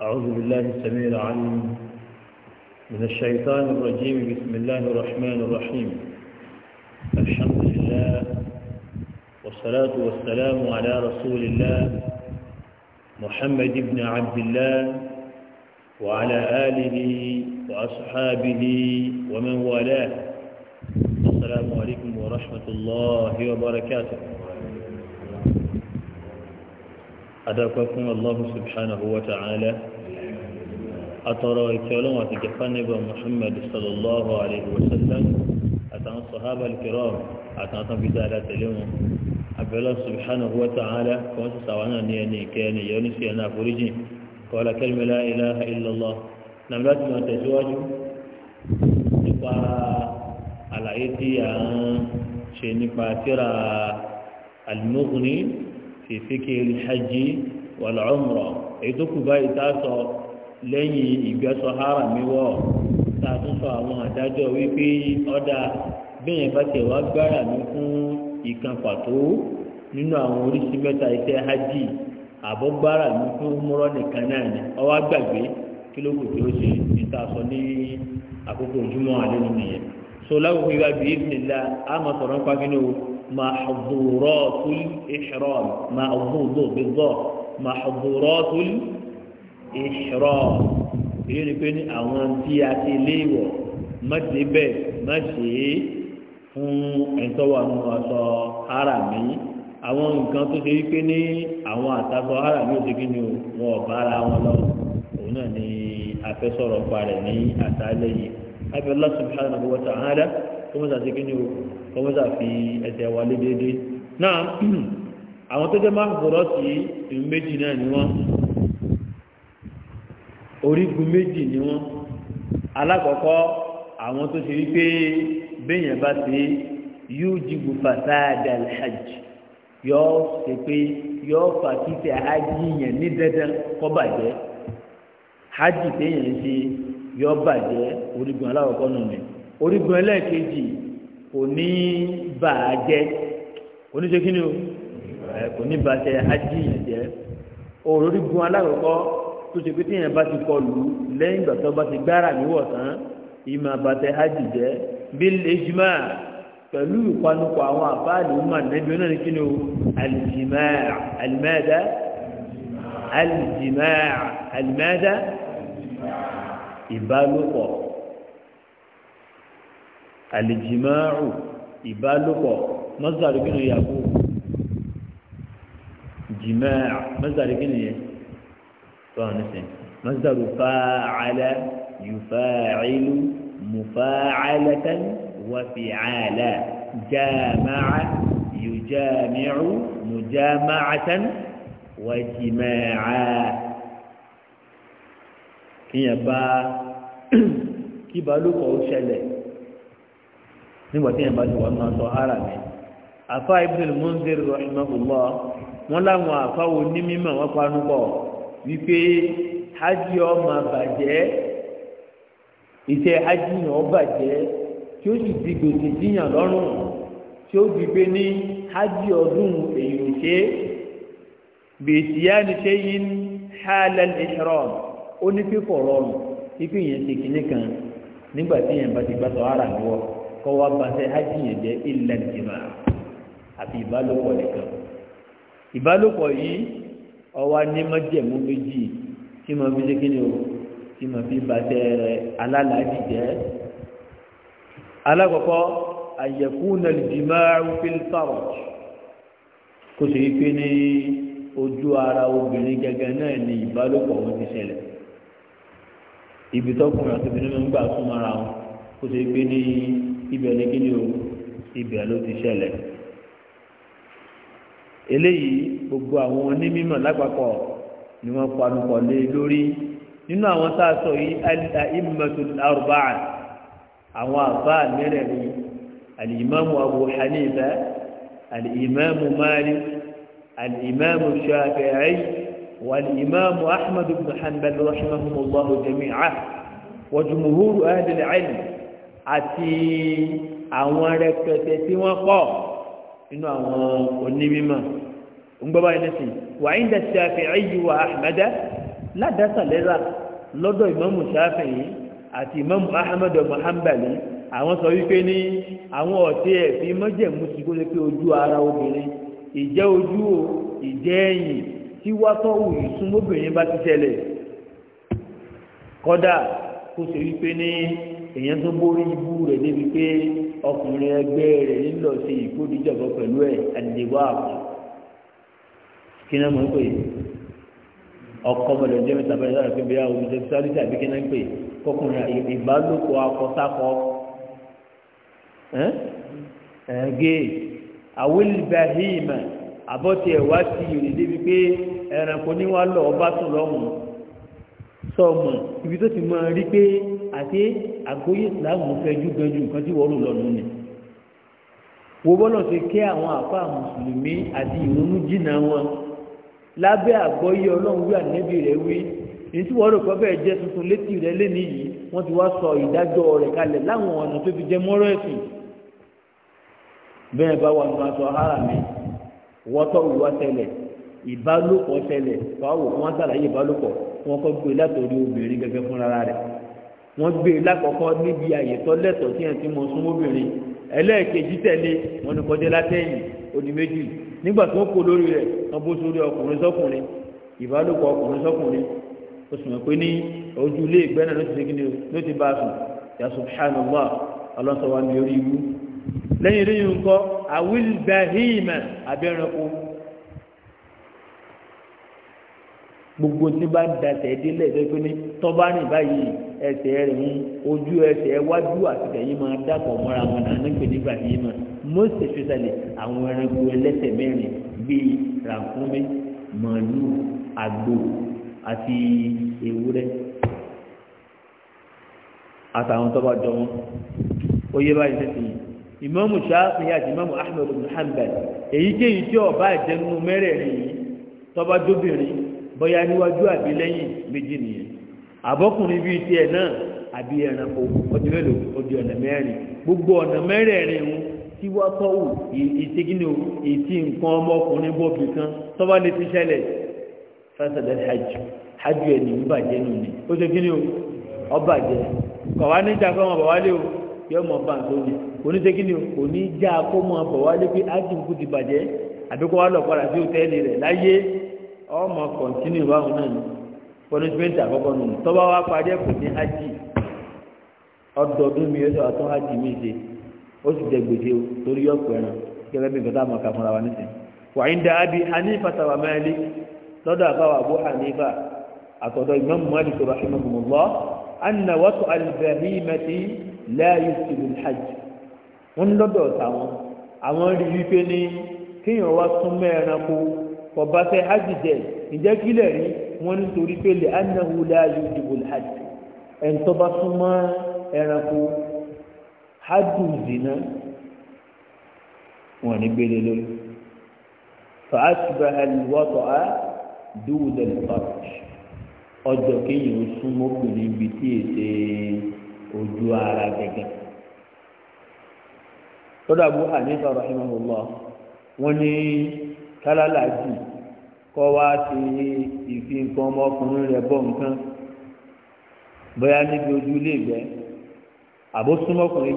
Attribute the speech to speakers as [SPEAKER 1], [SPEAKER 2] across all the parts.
[SPEAKER 1] أعوذ بالله السميع العليم من الشيطان الرجيم بسم الله الرحمن الرحيم الحمد لله والصلاة والسلام على رسول الله محمد بن عبد الله وعلى آله وأصحابه ومن والاه السلام عليكم ورحمة الله وبركاته adápẹ́ fún allahu subhanahu wa ta'ala atọ̀rọ̀ ìkẹ́ ọlọ́run àti gẹ̀fà níbà muhammed sallallahu alayhi wa sallam àtàwọn sahaba alkiram àtàwọn tán fi dáadáa tẹ̀lé wọn abẹ́lá subhanahu wa ta'ala kọ́ sí sàwọn ní ẹni ìkẹ́ ni yẹn ní sí ẹ̀nà àforíjì kọ́lá kẹ́lmẹ́lá ilaha illallah nàbí láti máa tẹ̀síwájú nípa àlàyé tí à ń ṣe nípa tíra alimoguni fi fikiri hajji wàlá ọmọrọ èyí tó kù báyìí tá a sọ lẹ́yìn ìgbẹ́sọ hara mi wọ̀ tá a tún sọ àwọn àdájọ́ wípé ọ̀dà bẹ́ẹ̀ bá tẹ̀ wá gbára mi fún ìkan pàtó nínú àwọn oríṣi mẹ́ta iṣẹ́ hajj àbọ̀ gbára mi fún múrọ́ nìkan náà ni ọwọ́ gbàgbé kí ló ṣe níta ní àkókò ojúmọ́ alẹ́ nìyẹn so láwùjọ ìwà bíi ìfìlà àmọ̀ sọ̀rọ̀ ń kí ni o. محظورات الإحرام معبود بالضاء محظورات الإحرام èyí ni pé ní àwọn tí a ti lé wọ̀ má ti bẹ̀ má ṣe é fún ẹ̀ńtọ́wà nù aṣọ ara mi àwọn nǹkan tó ṣe wípé ní àwọn àtàkọ ara mi ò ṣe kí ni wọn ọ̀bá ara wọn lọ òun náà ni afẹ́sọ̀rọ̀ pa rẹ̀ ní àtàlẹ́yìn abẹ́lá subhanahu wa ta'ala kọmọ́sà sí kí ni o kọmọ́sà fi ẹsẹ̀ wà lé déédéé náà àwọn tó jẹ́ máa gbọ́dọ̀ sí ìlú méjì náà ni wọ́n orígun méjì ni wọ́n alákọ̀ọ́kọ́ àwọn tó ṣe wípé béèyàn bá ṣe yóò jìbù fàtàdà hajj yóò ṣe pé yóò fà kíkẹ́ ní dandan kọ́ bàjẹ́ hajj téèyàn ṣe yóò bàjẹ́ orígun alákọ̀ọ́kọ́ nù orígun ẹlẹ́ẹ̀kejì kò ní bà á jẹ́ oníṣẹ́ kí ni o kò ní bà á jẹ́ ájí yẹn jẹ́ orígun alákọ̀ọ́kọ́ tó ṣe pé tí yẹn bá ti kọ lù ú lẹ́yìn ìgbà tó bá ti gbára níwọ̀ tán ìmọ̀ àbàtẹ́ ájí jẹ́ bí lèjìmá pẹ̀lú ìpanupọ̀ àwọn àbáàlì ọmọ ànẹ́bí náà ní kí ni o alìjìmá alìmẹ́ẹ̀dá alìjìmá alìmẹ́ẹ̀dá ìbálòpọ̀. alìjìmáàrù ìbálòpọ̀ mọ́sàrí kí ni yàgò jìmáà mọ́sàrí kí ni yẹ tọ́wọ́n ní sẹ́yìn mọ́sàrí fàáàlà yùfàáìlú mùfàáàlàtàn wàfìàlà jàmáà yùjàmíàrù mùjàmáàtàn wàjìmáà kíyàn bá kí balùwọ̀ ó nígbà tí yẹn bá ti wà nínú aṣọ ara mi afa ibùdó mọ́ńdérì rahimahulọ́ wọn láwọn afa wo ní mímọ̀ wọn panu pọ̀ wípé hajj ọmọ bàjẹ́ iṣẹ́ hajj yẹn ọ bàjẹ́ tí ó sì di gbèsè díyàn lọ́rùn tí ó di pé ní hajj ọdún èyí ṣe gbèsè yá ni ṣe yí ń hálẹ̀ ó ní fífọ̀ rọrùn ipe ti kíní nígbà tí yẹn ti gbàtọ̀ ara mi wọ̀ kọ́ wá bàtẹ́ hajj yẹn jẹ́ ilẹ̀ ìjìmá àti ìbálòpọ̀ nìkan ìbálòpọ̀ yìí ọwọ́ ní mọ́jẹ̀mú méjì tí mo fi ṣe kí ni o tí mo fi bàtẹ́ alálàájì jẹ́ alákọ̀ọ́kọ́ àyẹ̀kúnà ìjìmá rúfin sọ̀rọ̀ kó sì rí pé ní ojú ara obìnrin gẹ́gẹ́ náà ni ìbálòpọ̀ wọn ti ṣẹlẹ̀ ibi tọkùnrin àti obìnrin máa ń gbà súnmọ́ra wọn kó sì rí pé ní ibẹ̀ ni kíni o ibẹ̀ ló ti ṣẹlẹ̀ eléyìí gbogbo àwọn onímọ̀ lápapọ̀ ni wọ́n panupọ̀ lé e lórí nínú àwọn tá a sọ yìí alita imatu arba àwọn àbá mẹ́rẹ̀ẹ̀rin alìmọ́mù abu hanifa alìmọ́mù malik alìmọ́mù shafi'i والإمام أحمد بن حنبل رحمهم الله جميعا وجمهور أهل العلم àti àwọn rẹpẹtẹ tí wọ́n pọ̀ nínú àwọn onímọ̀ ńgbọ́bá yẹn sì wà ní dàtí àfẹ́yí wa ahmeda ládàtà lẹ́la lọ́dọ̀ ìmọ̀mù sáfẹ̀yí àti ìmọ̀mù ahmed muhammadu àwọn sọ wípé ní àwọn ọ̀tí ẹ̀ fi mọ́jẹ̀mú sí kó lè pé ojú ara obìnrin ìjẹ́ ojú o ìjẹ́ ẹ̀yìn tí wá tọ́ wù ìsúnmọ́bìnrin bá ti tẹ̀lẹ̀ kọ́dà kó sọ wípé ní èèyàn tó borí ibú rẹ̀ débi pé ọkùnrin ẹgbẹ́ rẹ̀ nílò ṣe ìkódìjọba pẹ̀lú ẹ̀ àdìgbò àpò kí náà mọ̀ ń ọkọ ọmọdé ọjọ́ mẹ́ta bá yàrá pé bíyà omi sẹ́kítárìtì àbí kí náà ń kọkùnrin ìbálòpọ̀ akọsákọ ẹ̀ẹ́gẹ́ àwílbàhíìmà àbọ̀tẹ̀ ẹ̀wá sí ìrìn débi pé ẹranko níwá lọ ọba tún lọ́hùn sọmọ ibi tó ti mọ rí pé àti àgbóyè ìsìláàmù fẹjú gbẹjú nǹkan tí wọ́n rò lọ́nu ni wo bọ́lọ̀ ṣe kí àwọn àfa mùsùlùmí àti ìrònú jìnnà wọn lábẹ́ àgbọ́yé ọlọ́run wí ànẹ́bí rẹ̀ wí èyí tí wọ́n rò pé bẹ́ẹ̀ jẹ́ tuntun létí rẹ̀ léni yìí wọ́n ti wá sọ ìdájọ́ rẹ̀ kalẹ̀ láwọn ọ̀nà tó fi jẹ́ mọ́rọ́ ẹ̀sìn bẹ́ẹ̀ bá wà nínú aṣọ ara mi wọ́tọ̀ ìwà tẹ̀lẹ̀ ìbálòpọ̀ tẹ̀lẹ̀ fáwọn wọn sàlàyé ìbálòpọ̀ wọn kọ́ gbé látọ̀rí obìnrin gẹ́gẹ́ fúnra rẹ̀ wọ́n gbé lákọ̀ọ́kọ́ níbi àyè tọ́lẹ̀tọ̀ tí ẹ̀ ti mọ súnmọ́bìnrin ẹlẹ́ẹ̀kejì tẹ̀lé wọn ni kọjá látẹ̀yìn odi méjì nígbà tó ń kó lórí rẹ̀ wọ́n bó sórí ọkùnrin sọ́kùnrin ìbálòpọ̀ ọkùnrin sọ́kùnrin ó sì mọ̀ pé ní ojú ilé ìgbẹ́ náà ló ti segin ló ti bá a sùn yà subhanallah alonso wa ni orí iwu lẹ́yìn lẹ́yìn nǹkọ́ awil bahima abẹ́ranko gbogbo tí bá ń da tẹ̀ẹ́dẹ́lẹ̀ tó pé ní tọ́ba rìn báyìí ẹsẹ̀ rẹ̀ ń ojú ẹsẹ̀ wájú àtìgbẹ̀yìn máa dàpọ̀ mọ́ra wọn náà nígbè nígbà yìí mọ̀ most especially àwọn ẹranko ẹlẹ́sẹ̀ mẹ́rin bíi ràǹkúnmí màálù àgbò àti ewúrẹ́ àtàwọn tó bá jọ wọn ó yé báyìí sẹ́sìn yìí ìmọ̀mù sáfì àti ìmọ̀mù ahmed muhammed èyíkéyìí tí ọba ìjẹnu mẹ́rẹ̀ẹ̀rin yìí tọ́ba jóbìnrin bọ́yá níwájú àbí lẹ́yìn méjì nìyẹn àbọ́kùnrin bíi tiẹ̀ náà àbí ẹranko ọdún mélòó ọdún ọ̀nà mẹ́rin gbogbo ọ̀nà mẹ́rẹ̀ẹ̀rin ń tí wọ́n tọ́wù ìtìgínì o ètí nǹkan ọmọkùnrin bọ́ọ̀bì kan tọ́ba lè ti ṣẹlẹ̀ fásitì hajj hajj ẹ̀ ní bàjẹ́ nù ni ó ṣe kí ni o ọbàjẹ́ kọ̀wá níjà kọ́ ọmọ bàwálé o yọ ọmọ bá nǹkan ni oníṣe kí ni o kò ní já kó mọ bàwálé pé hajj ń kú ti bàjẹ́ àbíkọ́ wa lọ padà sí òtẹ́ẹ̀lì rẹ̀ láyé ọmọ kọ̀ntínú ìbáwọn náà ni punishment àkọ́kọ́ nù tọ́ba wa parí ẹ̀kọ́ ní hajj ọdọọdún mi ẹ̀sọ́ àtọ́ hajj mi ṣe ó sì jẹ gbèsè torí ọ̀pọ̀ ẹ̀ràn gẹ́gẹ́ bí nǹkan tá a mọ̀ ká fúnra wa nísìn wàhíńdà abi hanifa tàwa mẹ́rin lọ́dọ̀ àbáwá abu hanifa àtọ̀dọ̀ imam mali tó rahim mọ̀lọ́ anna wàtò alibahimati láàyè sílùú hajj wọn lọ́dọ̀ táwọn àwọn rí wípé ní kéèyàn wá súnmọ́ ẹranko kọ̀ bá fẹ́ hajj jẹ ìjẹ́kílẹ̀ rí wọ́n ní torí pé lè anahu láàyò ìdìbò hajj ẹ̀ńtọ́ bá súnmọ́ ẹranko hajj zina wọ́n ní gbélé lórí fàásùbà àlùwọ́tọ̀ á dúwùdà lùfàrùj ọjọ́ kéèyàn ó súnmọ́ obìnrin ibi tí èsè ojú ara gẹ́gẹ́ tọ́dọ̀ àbúhà nípa rahimahullah wọ́n ní kálálà jù. kọ́ wá sí ìfi nǹkan ọmọkùnrin rẹ̀ bọ̀ nǹkan bóyá níbi ojú ilé ìgbẹ́ àbó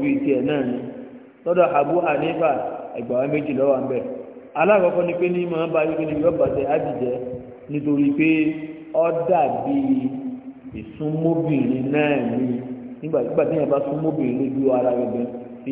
[SPEAKER 1] bíi tiẹ̀ náà ni lọ́dọ̀ àbú àníbà ẹgbàá méjì lọ́wọ́ ń bẹ̀ alákọ̀ọ́kọ́ ni pé ní bá tẹ àjìjẹ́ nítorí pé dàbí náà ni nígbà tí yẹn bá súnmọ́bìnrin lójú ara rẹ̀ bẹ́ẹ̀ fi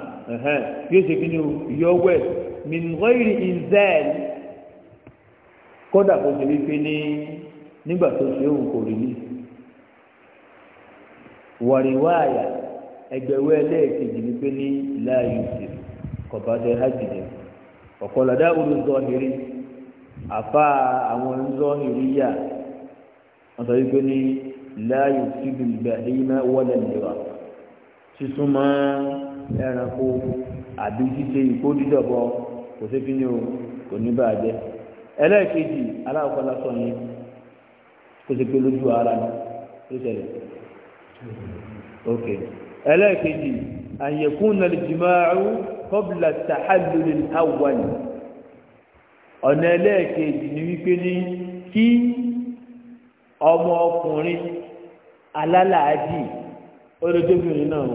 [SPEAKER 1] yóò ṣe kí ni yọ wẹ̀ mìíràn ìzẹ́ẹ̀l kódà kò ṣe wípé ní nígbà tó ṣe òun kò rí ní wàríwáàyà ẹgbẹ̀wẹ́ ẹlẹ́ẹ̀kejì wípé ní láàyè òsè kọ̀bádẹ́ ájìdẹ́ ọ̀kọ̀lọ́dá olùzọ́hìrì àfa àwọn olùzọ́hìrì yà wọ́n sọ wípé ní láàyè òsè gbìyànjú ìgbà èyí máa wọ́lẹ̀ níwà sísúnmọ́ ẹranko àbí ṣíṣe ìkó dídọ̀bọ kò sí kí ni o kò ní bàjẹ́ ẹlẹ́ẹ̀kejì aláwọ̀kọ́ lásán yẹn kó ṣe pé lójú ara ni ló ṣẹlẹ̀ ok ẹlẹ́ẹ̀kejì àyẹ̀kún náà lè jìmáàrú kọ́bùlà tàhálùlẹ̀ àwọ̀lì ọ̀nà ẹlẹ́ẹ̀kejì ni wípé ní kí ọmọ ọkùnrin alálàájì ó lè tóbi òní náà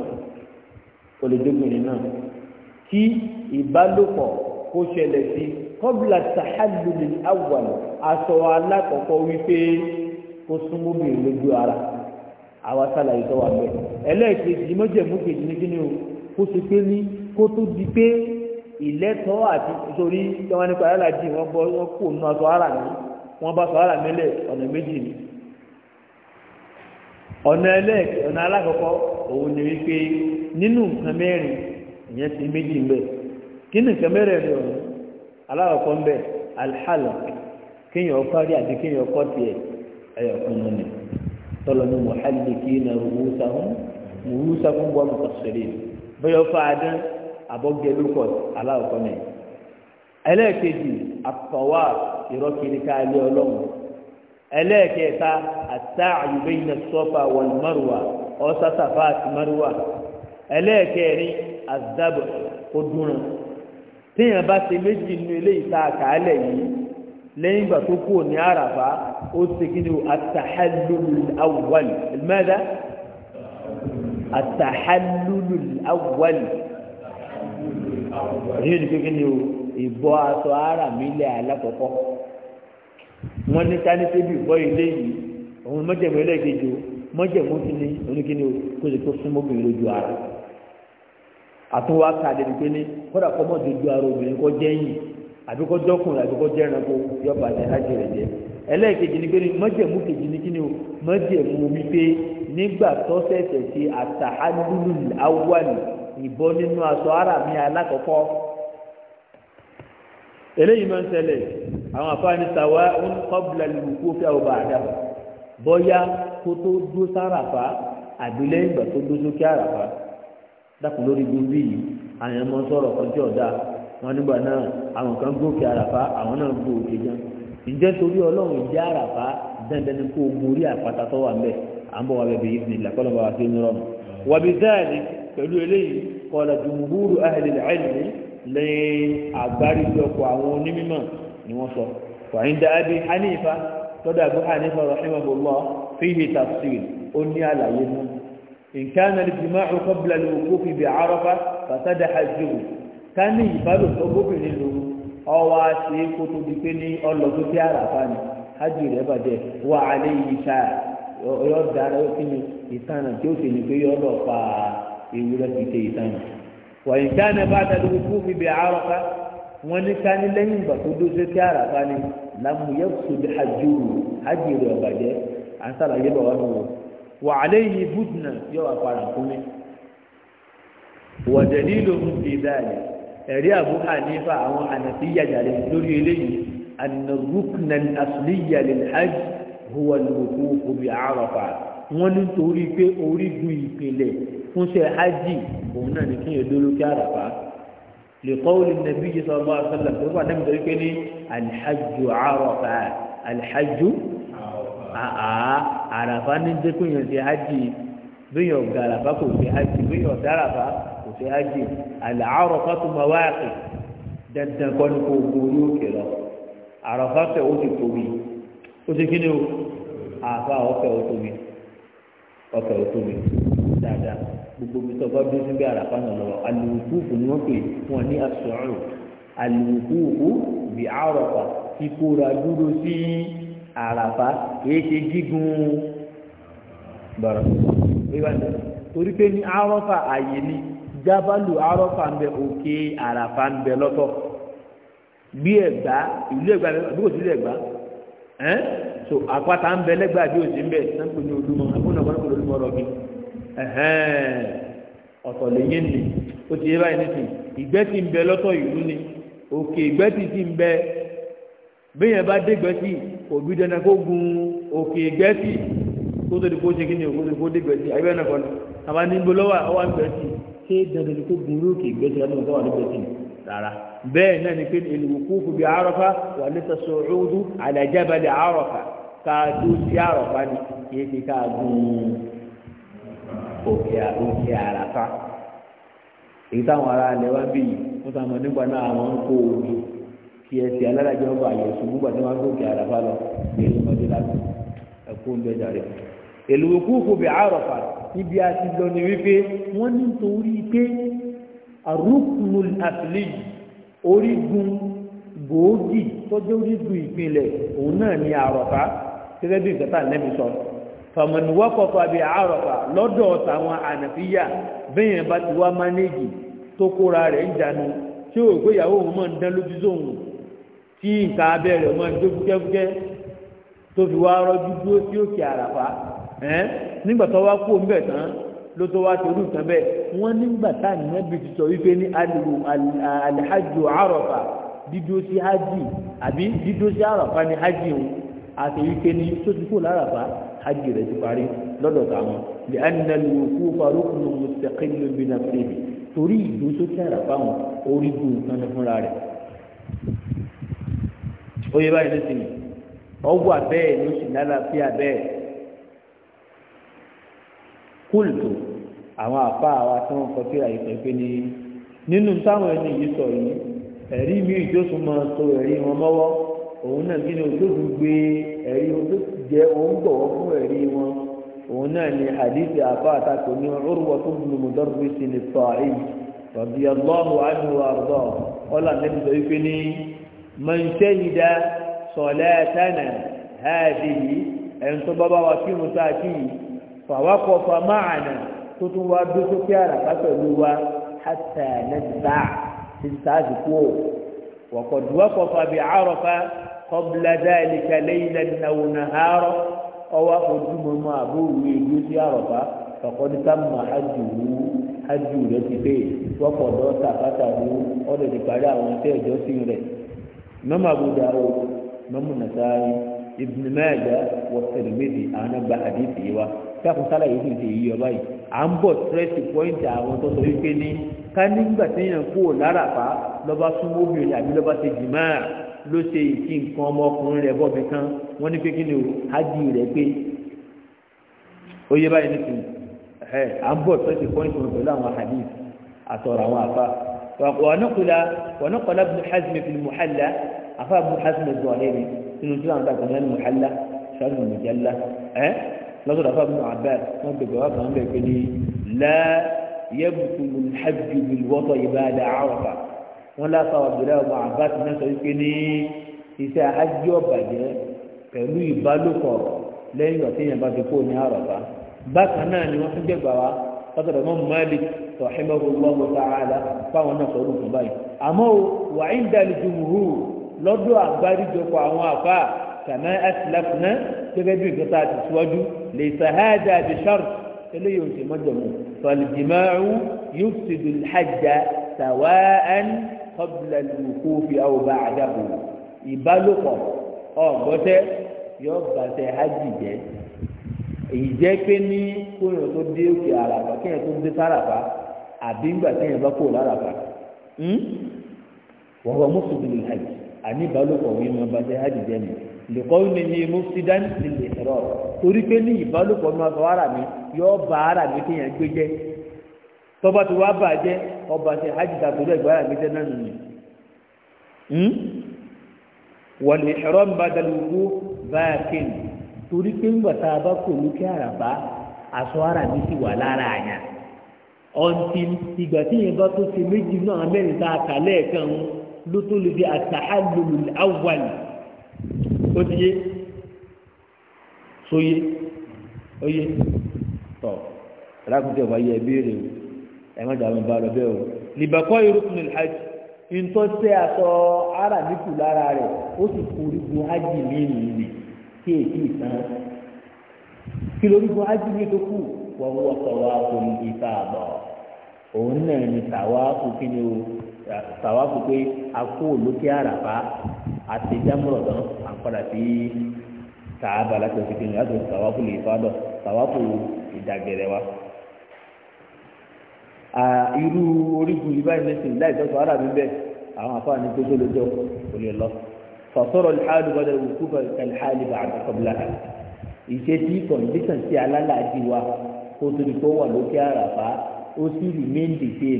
[SPEAKER 1] kò lè dóbìnrin náà kí ìbálòpọ̀ kó ṣẹlẹ̀ sí kọ́bìlà sàhálùlì awwal aṣọ alákọ̀ọ́kọ́ wípé kó súnmọ́ obìnrin lójú ara àwa sálàyé tó wà bẹ́ẹ̀ ẹlẹ́ẹ̀kejì mọ́jẹ̀mú kejì ní kíni o kó ṣe pé ní kó tó di pé ìlẹ́tọ́ àti ìsorí tí wọ́n nípa aláàjì wọ́n bọ́ wọ́n nù aṣọ ara mi wọ́n bá aṣọ ara mi ọ̀nà méjì ni ọ̀nà ẹlẹ́ẹ̀kẹ́ ọ̀nà alákọ̀ọ́kọ́ òun ni wípé nínú nǹkan mẹ́rin ìyẹn ti méjì mbẹ kí ni nǹkan mẹ́rin rẹ ọ̀hún aláwọ̀kọ́ mbẹ alhàlà kéèyàn parí àti kéèyàn kọ́ tiẹ̀ ẹ̀yọ̀kan nù ni mọ̀hálì kí ní rúwúsáfún rúwúsáfún bọ́ mọ̀tàṣẹ́lẹ̀ bẹ́yọ̀ fàádán àbọ̀gẹ́lúkọ̀ aláwọ̀kọ́ àti ẹlẹ́ẹ̀kẹ́rin azabu kó dúnrún téèyàn bá ṣe méjì nínú eléyìí tá a kà á lẹ̀ yìí lẹ́yìn ìgbà tó kú ní àràfá ó ṣe kí ni o atahallulu awwal mẹ́ta atahallulu awwal èyí ni kékeré ni o ìbọ aṣọ ara mi lẹ alákọ̀ọ́kọ́ wọn ní sánísẹ́bì bọ́ ilé yìí òun mọ́jẹ̀mú ẹlẹ́ẹ̀kejì o mọ́jẹ̀mú kí ni oníkíni o kó lè tó súnmọ́ obìnrin lójú ara àtúwá kàdé nìkan ní kódà kọ́ mọ́ dodo ara obìnrin kọ́ jẹ́yìn àbí kọ́ jọ́kùnrin àbí kọ́ jẹ́ran kó yọ bàjẹ́ hajj rẹ̀ jẹ́ ẹlẹ́ẹ̀kejì ni pé ní mọ́jẹ̀mú kejì ni kí ni o mọ́jẹ̀mú wípé nígbà tó ṣẹ̀ṣẹ̀ ṣe àtàhálùlù awọ́nì ìbọn nínú aṣọ ara mi alákọ̀ọ́kọ́ eléyìí máa ń ṣẹlẹ̀ àwọn àfáàní sàwá ń kọ́bùlà lùkú kó fẹ́ ọba àdá bọ́yá kó tó dó sárafa àbí lẹ́yìn ìgbà tó dó sókè àràfà dákun lórí gbogbo yìí àwọn ọmọ sọ̀rọ̀ ọjọ́ ọ̀dà wọn nígbà náà àwọn kan gòkè àràfá àwọn náà gòkè jẹun ǹjẹ́ torí ọlọ́run ìjẹ́ àràfá dandan ni kó o borí àpáta tó wà mẹ́ à ń bọ̀ wá bẹ̀bẹ̀ yìí nílẹ̀ kọ́ lọ́ba wa fi ń rọrùn. wàbí záàlì pẹ̀lú eléyìí kọ́lá jùmùhúrù ahìlẹ̀ ẹ̀lì lẹ́yìn àgbáríjọpọ̀ àwọn onímọ̀ ni wọ́n sọ. fàyíǹda abi hanifa tọ́dọ̀ àbú hanifa rahimahullah fíhì tafsir ó ní àlàyé náà إن كان الجماع قبل الوقوف بعرفة فتدح الجمل كان يبالو صبوك نلو أو أشي كتب كني الله في عرفة حج ربده وعليه شاء يرد على كني إتانا جوتي في يرد فا يولد في وإن كان بعد الوقوف بعرفة wọ́n ní ká ní lẹ́yìn ìgbà tó dó sétí àràfá ni làmúyẹ́ sódì hajj hajj ọ̀bàjẹ́ àtàlàyé bàwá nù wọ́n wà aléyìí búdùnà yóò àpàrà kúnmí wọ̀dẹ̀lí lòun ti dáàlẹ̀ ẹ̀rí àbú hànífà àwọn ànàfi yàjàlẹ̀ lórí eléyìí ànàrúkùnà àsùlíyà lè hajj huwa lòkú òbí àràfà wọn nítorí pé orígun ìpìlẹ̀ fúnṣẹ́ hajj òun náà ní kí n èdè lókè àràfà nàbí yìí sọ́ọ́ bá tó wà nàbí torí pé ní alhajj àràfà alhajj àá àràfà ní jẹ́kùnyàn ṣe ájì bíyàn ọ̀gá àràfà kò ṣe ájì bíyàn ọ̀dá àràfà kò ṣe ájì àlẹ́ àròfà tó máa wá àpè dandan kọ́ ní kó gbó orí lọ àròfà fẹ́ ó ti tóbi ó ti kí ni o àfa ọ̀fẹ́ ó tóbi ọ̀fẹ́ ó tóbi dáadáa gbogbo mi tó bá dúró síbi àràfà náà lọ alùpùpù ni wọ́n pè wọ́n ní asọ̀rọ̀ alùpùpù bí àròfà kíkóra dúró sí. Si, àràfá kìí ṣe gígùn bọ̀rọ̀ torí pé ní arọ́fà àyè ni jábàlù arọ́fà ń bẹ òkè àràfà ń bẹ lọ́tọ̀ bí ẹ̀gbá ìlú ẹ̀gbá bí kò sí ilé ẹ̀gbá ẹ́n so àpáta ń bẹ lẹ́gbà bí òsì ń bẹ sáńpé ní olúmọ àbúrò náà kọ́ lórí mọ́rọ́ bí ẹ̀hẹ́n ọ̀tọ̀ lèyìn ni ó ti yé báyìí nísìnyí ìgbẹ́ ti ń bẹ lọ́tọ̀ ìlú ni òkè ìgbẹ́ ti ti ń bẹ bẹ́yẹn bá dé gbẹ́sì òbí dandan kó gun òkè gbẹ́sì kó tó di kó ṣe kí ni òkú tó di kó dé gbẹ́sì àyíbẹ̀ náà kọ́ni àbá níbo lọ́wọ́ ọwọ́ gbẹ́sì ṣé dandan ni kó gun òkè gbẹ́sì láti mọ̀ ní gbẹ́sì rárá bẹ́ẹ̀ náà ni pé ìlùkú kò bí àárọ̀fà wà ní sọ̀sọ̀ ọ̀dún àlàjábalẹ̀ àárọ̀fà káàdó sí àárọ̀fà ni kì í ṣe káàgùn òkè àràfà èyí táwọn ará tí ẹsẹ̀ alárajọ bá yẹ ṣùgbọ́n gbàtí wọn gòkè àràfà lọ gbèrú mọ́tò láti ẹkú ń bẹjà rẹ. èlò òkúùkù bẹ àròfà níbi àti lọ ni wípé wọn ní nítorí pé àrùkùnù àtìlẹ orígun gbòógì tọjọ orígun ìpínlẹ̀ òun náà ní àròfà gẹ́gẹ́ bí ìgbàtà nẹbi sọ fàmọ̀nì wọ́pọ̀pọ̀ àbí àròfà lọ́dọ̀ tàwọn ànàfíyà bẹ́ẹ̀ bá ti wá mánéjì tó kóra rẹ̀ ń jánu tí ó gbéyàwó òun máa ń dán lójú sóhun tí nǹkan abẹ́rẹ́ ọmọ ẹjọ́ fúkẹ́fúkẹ́ tó fi wá rọ́jú dúró sí òkè àràfà nígbà tó wá kú òǹbẹ̀ tán ló tó wá torí nǹkan bẹ́ẹ̀ wọ́n nígbà tá ànínábì ti sọ wípé ní alìhájò àròfà dídó sí hájì àbí dídó sí àròfà ní hájì òun àti wípé ní tó ti kú láràfà hájì rẹ̀ ti parí lọ́dọ̀ táwọn lè ánìlẹ́lu kú farúkú mùsàkínlẹ̀ bínafẹ́lẹ̀ torí ìdó sókè àràfà wọn orí gbòǹkan fúnra rẹ̀ oyè báyìí ló sì ní ọwọ́ abẹ́ẹ̀ ló sì lálàáfíà bẹ́ẹ̀ kúlùtù àwọn àpá àwa tí wọ́n kọ sí àyè pẹ̀pẹ́ ni nínú táwọn ẹni yìí sọ yìí ẹ̀rí mi ìjọsùn máa so ẹ̀rí wọn mọ́wọ́ òun náà kí ni òjòjú gbé ẹ̀rí ojú jẹ́ òun gbọ̀wọ́ fún ẹ̀rí wọn òun náà ni àdìsí àpá àtàkùn ní orúwọ́ tó gbùnú mọ̀dọ́rùn-ún sí ni tọ́ àyè rọ̀bì àdúrà rọ̀ ọ̀là nẹ́bí sọ wípé ní man shahida salatana hadhihi ẹni tó bá bá wa kí mu sáà kí yìí fàwákọ̀ fàmáàna tó tún wá dúró kí àràbá pẹ̀lú wa hàtà nàìjíríà ti sáàdì kú ò wọ̀kọ̀ dùwọ́kọ̀ fàbí àròfà kọ́bùlà dáìlìkà lẹ́yìn lẹ́nàwó nàárọ̀ ọwọ́ àfojúmọ́mọ́ àbúrò ìlú sí àròfà fàkọ́ni sáàmà àjùwú àjùwú rẹ̀ ti pé wọ́kọ̀ dọ́ta pátá wú ọ̀dọ̀ ti parí àwọn tẹ́ ìjọsìn rẹ̀ mọ́mọ́ àbúdáwò mọ́mọ́ nàṣàáyé ibùdó mẹ́ẹ̀dá wọ́sẹ̀lẹ̀ méjì àwọn àgbà àdéhùn yìí wa dákun sálà yìí ti yí ọba yìí à ń bọ̀ tírẹ́sì pọ́ìntì àwọn tó sọ wípé ní ká nígbà téèyàn kú ò láràpá lọ́ba súnmọ́ obìnrin àbí lọ́ba ṣe jìmá ló ṣe ìkí nǹkan ọmọkùnrin rẹ̀ bọ́ọ̀bì kan wọ́n ní pé kí ni o ájì rẹ̀ pé ó yé báyìí nísìnyí ẹ̀ à ń bọ̀ tírẹ́sì pọ́ìntì wọn pẹ̀lú àwọn àdìs àtọ̀rọ̀ àwọn àfa ونقل ونقل ابن حزم في المحلى عفا ابن حزم الظاهري في نزول عن ذلك المحلى شر المجلة أه؟ نظر عفا ابن عباس رب جواب عن ذلك لا يبطل الحج بالوطن بعد عرفة ولا صار عبد الله بن عباس الناس يقول iṣẹ́ ajé ọ̀bàjẹ́ pẹ̀lú ìbálòpọ̀ lẹ́yìn ọ̀tí yẹn bá ti kó ní àrọ̀bá bákan látọ̀dọ̀ mọ́ malik tọ̀hìmọ́rù lọ́wọ́ tààlà fáwọn náà sọ̀rọ̀ nǹkan báyìí àmọ́ o wà ń dalí jùmùhù lọ́dọ̀ àgbáríjọpọ̀ àwọn àfa kàmá ẹ̀sìláfínà gẹ́gẹ́ bí nǹkan tá a ti síwájú lè sàhájà àti sharp eléyìí ò sì mọ́jọ̀mọ́ fàlìjìmáàrú yóò ti dùn hajjá sàwáán kọ́bìlà lùkú fi àwòbá àdàbò ìbálòpọ̀ ọ̀gbọ́tẹ́ yóò bàtẹ́ hajj jẹ́ èyí jẹ́ pé ní kóyàn tó dé òkè àràfà kéèyàn tó dé sáràfà àbí ńgbà kéèyàn bá kó láràfà wọ́n wọ́n mùsùlùmí hajj àní ìbálòpọ̀ wí máa bá hajj jẹ́ mi lèkọ́ ní ní mùsùlùmí nílẹ̀ ẹ̀rọ torí pé ní ìbálòpọ̀ ara mi yọ ara mi kéèyàn gbé jẹ́ tọ́ba tó wá bàjẹ́ ọba ṣe hajj tàbí ẹgbẹ́ ara mi jẹ́ náà nìyí wọ́n lè ń bá dalùkú báyà torí pé ń ke bá kò lókè àràbá aṣọ ara mi sì wà lára àyàn ọ̀ǹtì ìgbà tí yẹn bá tó ṣe méjì náà mẹ́rin tá a kà lẹ́ẹ̀kan ló tó lè di àtàhálùlù awàlì ó ti yé sóyé óyé yẹ béèrè o ẹ má dàbí bẹ́ẹ̀ o irúkùn ara mi kù lára rẹ̀ ó sì kú hajj mi nìyí. tí èyí ìsan kí lórí bu ájúlé tó kù wọ́n wọ́ sọ̀rọ̀ àpò ìta àbọ̀ òun náà ni tàwáàfù kí ni o tàwáàfù pé akó olókè àràbá àti jámúrọ̀dán àpàdà sí tààbà láti ọ̀sẹ̀ kìnìún láti ọ̀sẹ̀ tàwáàfù lè irú orígun láì tọ́sọ̀ ara mi bẹ́ẹ̀ àwọn afáàní tó tó fàtọ́rọ̀ lẹ́hàlù bọ́dọ̀ òkú kàlẹ́hàlù bàdà kọ́bùlà ìṣe tí kọ̀ǹdíṣàn sí alálàájì wa kó tó di kó wà lókè àràfá ó sì rí méǹdì pé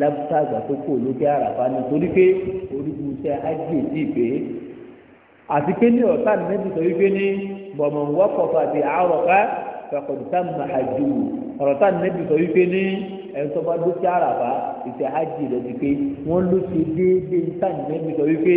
[SPEAKER 1] lábúta àgbà tó kò lókè àràfá ni torí pé orígun iṣẹ́ ájì èdè ìpè àti pé ní ọ̀tá nẹ́bí sọ wípé ní bọ̀mọ̀ wọ́pọ̀tọ̀ àti àárọ̀ká fẹ̀kọ̀dùtà màájú ọ̀rọ̀tà nẹ́bí sọ wípé ní ẹ̀ńtọ́ba lókè àràfá ìṣẹ́ ájì rẹ̀ ti pé wọ́n ló ṣe déédéé níta nẹ́bí sọ wípé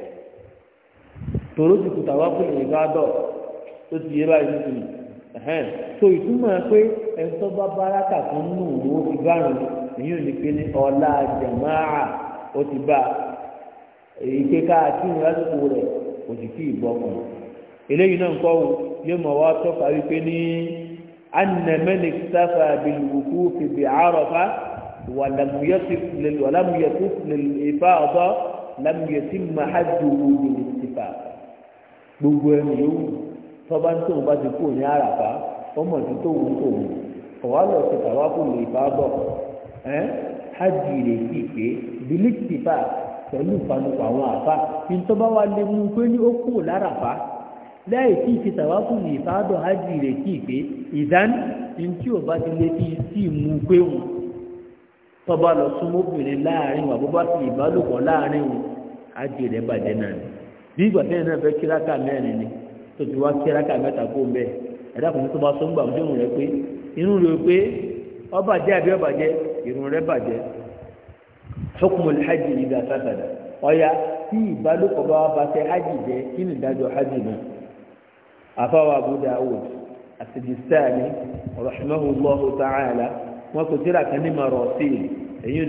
[SPEAKER 1] tòró ti kùtà wá pé èyí bá dọ̀ tó ti yé báyìí nítorí ẹ̀hẹ́n tó ìtumọ̀ pé ẹ̀ńtọ́ bá báràkà kan nù owó ti gbárùn èyí ò ní pé ní ọ̀la jẹ̀máà ó ti bá èyí pé ká kí ni lásìkò rẹ̀ kò sì kí ìbọn kan eléyìí náà ń kọ́ wo yóò mọ̀ wá tọ́ka wípé ní anamẹ́ni sáfà bìlùkù fìbì àárọ̀fà wàlámùyẹ́sì lè ìfà ọ̀dọ́ lámùyẹ́sì máa dùn ún ìfà gbogbo ẹni yòówù tọ́ba ní tóun bá ti kú ní àràbá ọmọ ti tóun tóun ọ̀wálọ̀ ti tàwa kò lè bá bọ̀ ẹ́ hajj rè sí pé bílíkì bá pẹ̀lú ìfanupọ̀ àwọn àbá ní tọ́ba wa lè mú pé ní ó kú láràbá láì tí ti tàwa kò lè bá bọ̀ hajj rè sí pé ìdán ní tí ò bá ti lè fi sí mú pé wọn tọ́ba lọ súnmọ́bìnrin láàrin wọn àbúbá fi ìbálòpọ̀ láàrin wọn hajj rẹ̀ bàjẹ́ náà ni. bí ìgbà tẹ́yìn náà fẹ́ kíráka mẹ́rin ni tó ti wá kíráka mẹ́ta kó bẹ́ẹ̀ ẹ̀dá kò ní tó bá sọ ń gbà mú sóhun rẹ pé irun rẹ pé ọba jẹ́ àbí ọba jẹ́ irun rẹ bàjẹ́ hukumul hajj ìgbà sàtàdà ọ̀ya tí ìbálòpọ̀ bá wà bá hajj jẹ́ kí ni ìdájọ́ hajj náà àfáwà rahmanulahu ta'ala wọn kò tíra kan ní marọ̀ọ́sì èyí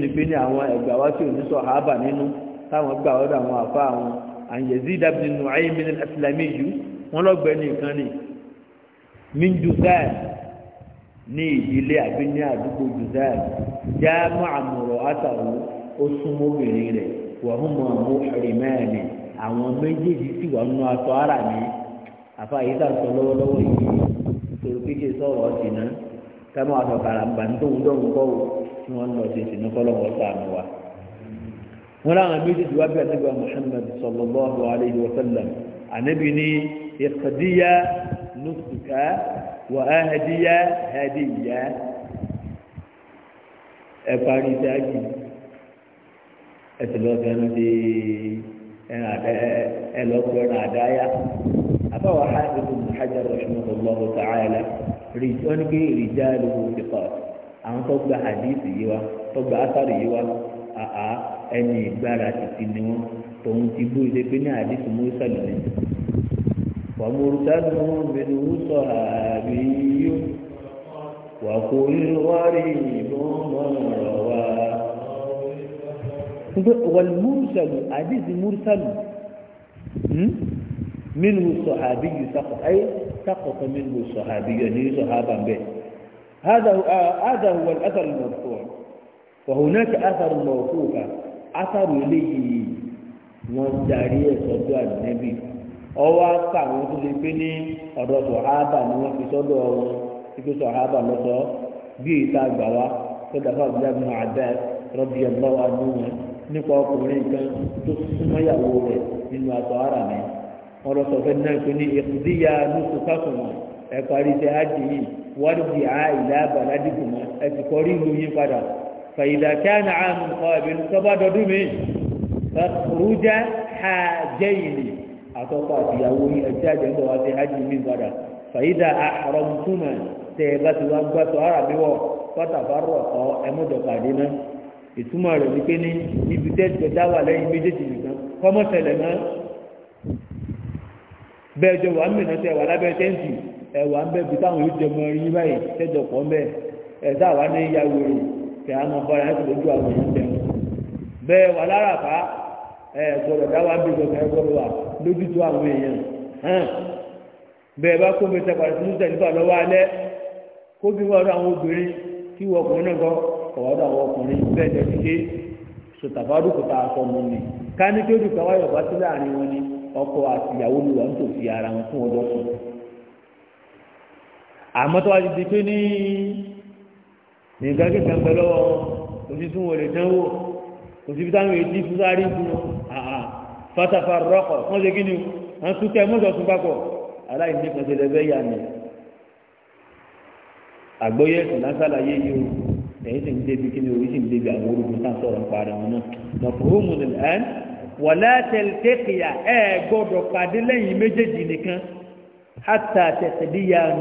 [SPEAKER 1] an yazid ibn nu'aym min al-aslami yu wọn lọ gbẹ ní nǹkan ni min juzal ní ìdílé àbí ní àdúgbò juzal já mọ́àmùrọ̀ àtàwọn ó súnmọ́ obìnrin rẹ̀ wà hún mọ́ àwọn ọ̀rẹ́mẹ́rin àwọn méjèèjì sì wà nínú aṣọ ara mi àfa yìí tà sọ lọ́wọ́lọ́wọ́ yìí torí kéke sọ̀rọ̀ ọ̀sìn náà ká má wàá sọ kàràǹbà lọ sí ìsìn ní هنا ميجد وابي النبي محمد صلى الله عليه وسلم عن ابني اقتدي نفسك واهدي هدية افاني تاجي اتلو كانتي الوكو نعدايا أبو حافظ بن حجر رحمه الله تعالى رجال رجاله ثقات أن طب حديث يوا طب أثر يوا àá ẹni ìgbára títí ni wọn tòun ti bú ilé pé ní àdìsí mọ́sá lónìí. wàmúrúdánù mẹnu wúsọ àbí yíyó wàkó wárí ìbọnmọ̀rọ̀ wá. ṣùgbọ́n wàlmúrúsàlù àdìsí múrúsàlù mẹnu wúsọ yìí sàkọ̀ ayé sàkọ̀ kan mẹnu yìí ọ̀nà yìí sọ̀ هذا هو الأثر المذكور وهناك أثر موثوق asarụ إليه wọ́n darí ẹ̀ sọ́dọ̀ ànábì ọwọ́ apá àwọn tó lè gbé ní ọ̀dọ̀ sọ̀hábà ni wọ́n fi sọ́dọ̀ wọn ibi sọ̀hábà lọ́sọ̀ bí bí abúlé àdá rọ́bì ẹ̀gbọ́n wa ní wọn ara فإذا كان عام قابل تبادر دمي فخرج حاجين أتوقع في أولي أجاج عند هذه حج من غدا فإذا أحرمتما تيبت وأنبت عربي فتفرقا أمد قادنا ìtumọ̀ rẹ̀ ní pé ní ibi tẹ́jọdá wà lẹ́yìn méjèèjì nìkan kọ́mọ̀tẹ̀lẹ̀ náà bẹ́ẹ̀jọ wà ń mìíràn tẹ́ wà lábẹ́ tẹ́ǹtì ẹ̀wà ń bẹ́ẹ̀ bí táwọn yóò jẹ mọ́ rí báyìí tẹ́jọ pọ̀ ń bẹ́ẹ̀ ẹ̀dá wà ní ìyàwó rẹ̀ kí a mọ bọ́ra ẹ̀ lójú àwọn èèyàn jẹun bẹ́ẹ̀ wà lára fa ẹ̀ dáwà bí gbọ́dọ̀ ẹ̀ wà lójú tó àwọn èèyàn hàn bẹ́ẹ̀ bá kó mi sẹ́pàdé sínú tẹ̀lifà lọ́wọ́ alẹ́ kó bí wọ́n rọ àwọn obìnrin kí wọ́n náà àwọn ọkùnrin bẹ́ẹ̀ ni nìkan kí kan bẹ lọ́wọ́ wọn òsì tún wọlé dánwò òsì bí táwọn èdè fún sáré fún wọn àhà fatafa rọkọ wọn ṣe kí ni wọn tún tẹ mọ́tò tún papọ̀ aláìní kan ṣe lẹ́fẹ́ yà mí àgbọ́yé ẹ̀sìn lásàlàyé yìí o ẹ̀yìn sì ń débi kí ni orí sì ń débi àwọn olùkọ́ tá à ń sọ̀rọ̀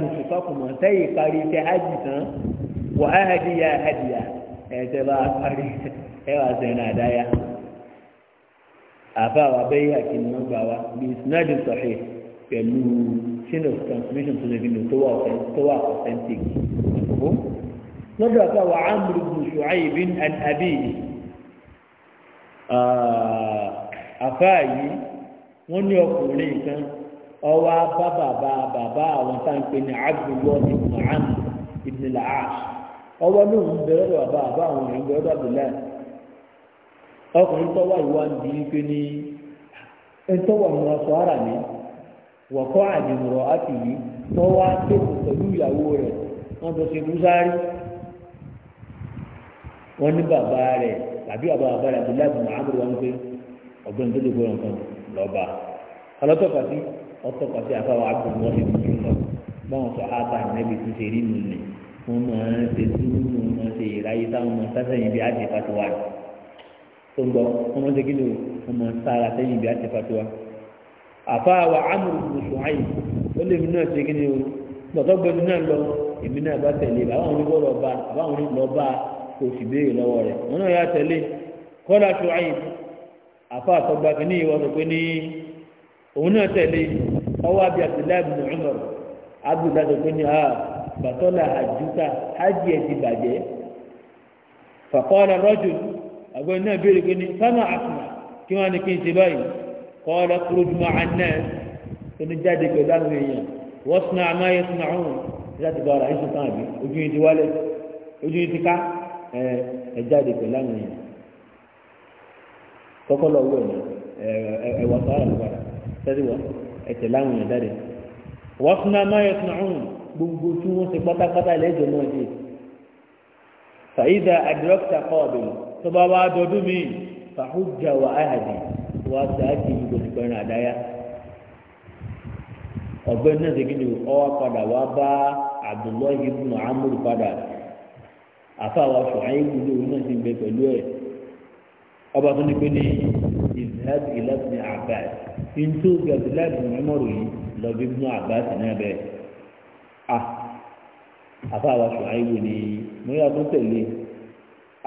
[SPEAKER 1] nùsùfàkùnmọ̀ tẹ́yì parí tẹ́ ájì tán wà á hadiya hadiya ẹ̀ẹ́dẹ́ bá parí ẹ wà sẹ́yìn àdáyà àbá wa bẹ́ẹ̀ yà kí ni wọ́n gbà wá bí sinadi sọ̀hìn pẹ̀lú chain of transmission tó lè fi lò tó wà authentic lọ́dọ̀ àbá wa amúlù bù ṣùáyì bí àbí àfáà yìí wọ́n ní ọkùnrin kan ọwọ́ bá bàbá bàbá àwọn táǹpé ní abdullahi ibn amr ibn al-ash ọwọ́ ló ń bẹ̀rẹ̀ lọ bàbá àbá àwọn èèyàn bẹ̀rẹ̀ lọ bìlẹ̀ ọkùnrin tọ́wọ́ ìwà ń di pé ní ẹtọ́wọ́ ìmúra sọ ara mi wọ̀kọ́ àdìmúrọ̀ àti yìí wọ́n wá tẹ̀kù pẹ̀lú ìyàwó rẹ̀ wọ́n tó ṣe wọn máa ń ṣe sùúrù wọn máa ń ṣe ìráyè táwọn máa ń sásẹ̀yìn bí àti fatiwa rẹ̀ tó ń gbọ́ wọn máa ń ṣe kí ni o wọn máa ń sára sẹ́yìn bí àti fatiwa. àfa wa amúrù oṣù ayé ó lè mi náà ṣe kí ni o gbọ̀tọ́ gbẹ̀mí náà lọ èmi náà bá tẹ̀lé bàbá àwọn onígbọ́ lọ bá bàbá àwọn onígbọ́ bá kò béèrè lọ́wọ́ rẹ̀ wọn náà yà tẹ̀lé kọ́lá tó ayé àfa àtọ́gbà kìíní ìwọ sọ pé ní òun náà tẹ̀lé ọwọ́ àbí àtìlẹ́ẹ̀bù mọ̀ọ́mọ̀rọ̀ àbúdá sọ pé ní àá ah, bàtọ́là àjútà ájì ẹ̀ ti bàjẹ́ fàkọ́lá rọ́jò àgbẹ̀ náà béèrè pé ní sánà àtùmá kí wọ́n á ní kí n ṣe báyìí kọ́lá kúròdùmọ́ àná pẹ̀lú àwọn èèyàn wọ́n àmọ́ ayé láti àbí ojú yìí ti ojú yìí ti ká ẹ jáde pẹ̀lú àwọn èèyàn ẹ̀ wọ́n àwọn gbogbo tí wọ́n ṣe pátápátá lẹ́jọ́ náà dé fàyídà àdìrọ́kítà kọ́ọ̀bìn tó bá wá dọdún mi fàhùjà wà áhàdì wà sáàkì ìgbòsíkọrin àdáyá ọ̀gbẹ́ni náà ṣe kíni ọwọ́ padà wá bá abdullahi ibùnà amúlù padà àfàwà ṣùgbọ́n ìwúlò náà ti bẹ pẹ̀lú ẹ̀ ọba tó ní pé ní ìzhab ìlàbìnrin àbáyé ní tó gàdúrà ìbùnà mọ́rò yìí lọ́ọ́ bí ibùnà àbáyé náà bẹ́ẹ̀. a àfáàwà ṣùgbọ́n ní mọ́yà tó tẹ̀lé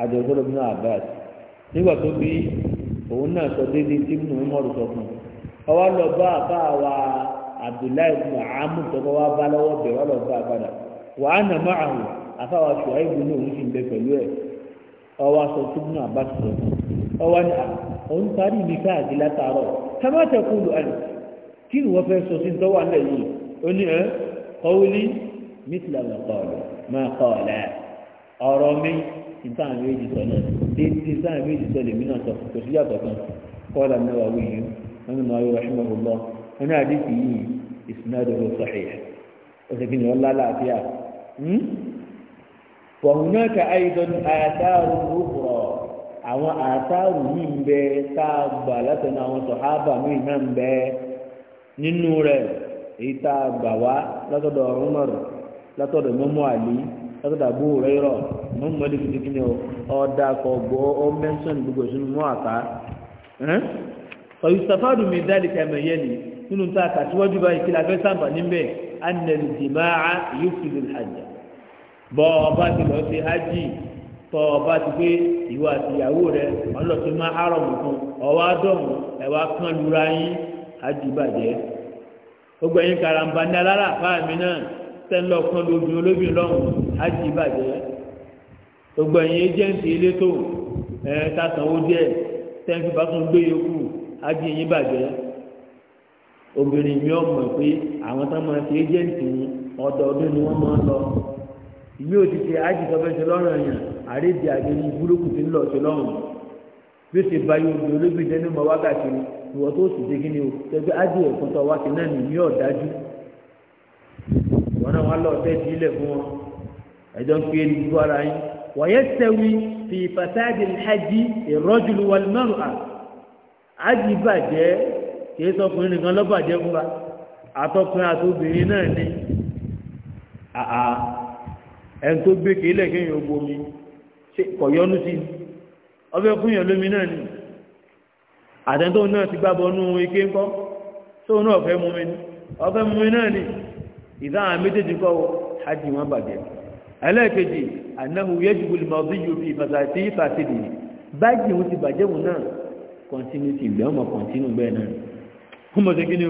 [SPEAKER 1] àjọgbọ́dọ̀ bí náà abbas nígbà tó bí òun náà sọ déédéé tí mo mọ̀ ọ́ sọ fún un ọwọ́ lọ bá àfáàwà abdullahi bin amu tọ́kọ́ wá bá lọ́wọ́ bẹ̀rẹ̀ wọ́n lọ bá padà wà á nà máa hù àfáàwà ṣùgbọ́n ní òun sì ń bẹ pẹ̀lú ẹ̀ ọwọ́ aṣọ tí sọ fún un ọwọ́ ni òun parí mi káàkiri látàárọ̀ kọ́wúlí mísìlá ma kọ́ọ̀lù ma mi nǹkan àwọn méjì sọ náà déédéé nǹkan àwọn méjì sọ lèmi náà sọ kò sí yàtọ̀ kan kọ́ọ̀lá hmm? náà wí yìí wọn ni èyí tá a gbà wá látọ̀dọ̀ Umar látọ̀dọ̀ ali àlí látọ̀dọ̀ àbú rẹ́rọ̀ mọ́mú mọ́lẹ́ fi dìgbìn ọ̀dà kọ̀gbọ́ ọ mẹ́sàn gbogbo ìṣúná mọ́ àká. ọ̀yùsàfàdù mi dáàlì kẹmẹ yẹn ni nínú tá a kà síwájú báyìí kí la sábà níbẹ̀ anẹ̀lì dìmáà yóò fi lè bọ́ ọba ti lọ sí hajj tọ́ ọba ti pé gbogbo ẹ̀yin karamba ní alára àfáà mi náà tẹ́lẹ̀ ọkàn lóbìn olóbìn lọ́hùn á jì bàjẹ́ gbogbo ẹ̀yin ejẹ́ǹtì elétò ẹ̀ tàtàwó díẹ̀ tẹ́ǹtì bá tún gbé yòókù á jì yín bàjẹ́ obìnrin mi ọmọ pé àwọn tó máa ti ejẹ́ǹtì yín ọdọọdún ni wọ́n máa ń lọ ìlú òtítì ájìkọ́fẹ́sẹ̀ lọ́rùn ẹ̀yàn àrídìí àgbẹ̀yìn burúkú ti ń lọ sí lọ́hùn bí ó ti bá yóò di olóbìn dẹ́nu mọ́ wákàtí ni ìwọ tó sì dé kíni o tẹgbẹ ádì ẹkùn tó wá sí náà nì ní ọdájú wọn náà wá lọ ọtẹ ti ilẹ̀ fún wọn ẹjọ ń pè é nígbó ara yín wọ̀nyẹ sẹ́wí fi fasadi hajj ìrọ́jùlù wàlúmọ́rù à ájì bàjẹ́ kìí sọkùnrin nìkan lọ́bàjẹ́ fún wa àtọkùnrin àtobìnrin náà ni àà ẹni tó gbé kéèlè kéèyàn gbomi ṣe sí ọbẹ̀ fún yàn lómi náà ni àtẹ́ntó náà ti gbábọ̀ nú ike ńkọ́ tó náà ọ̀fẹ́ mú mi ní ọ̀fẹ́ mú mi náà ni ìdá àwọn méjèèjì kọ́ hajj wọn bàjẹ́ ẹlẹ́ẹ̀kejì anahu yẹ́jùbù lè máa bí yóò fi fàtàtì fàtìdì báyìí wọn ti bàjẹ́ wọn náà kọ́ntínú ti gbẹ́ ọmọ kọ́ntínú bẹ́ẹ̀ náà wọ́n mọ̀ sí kíni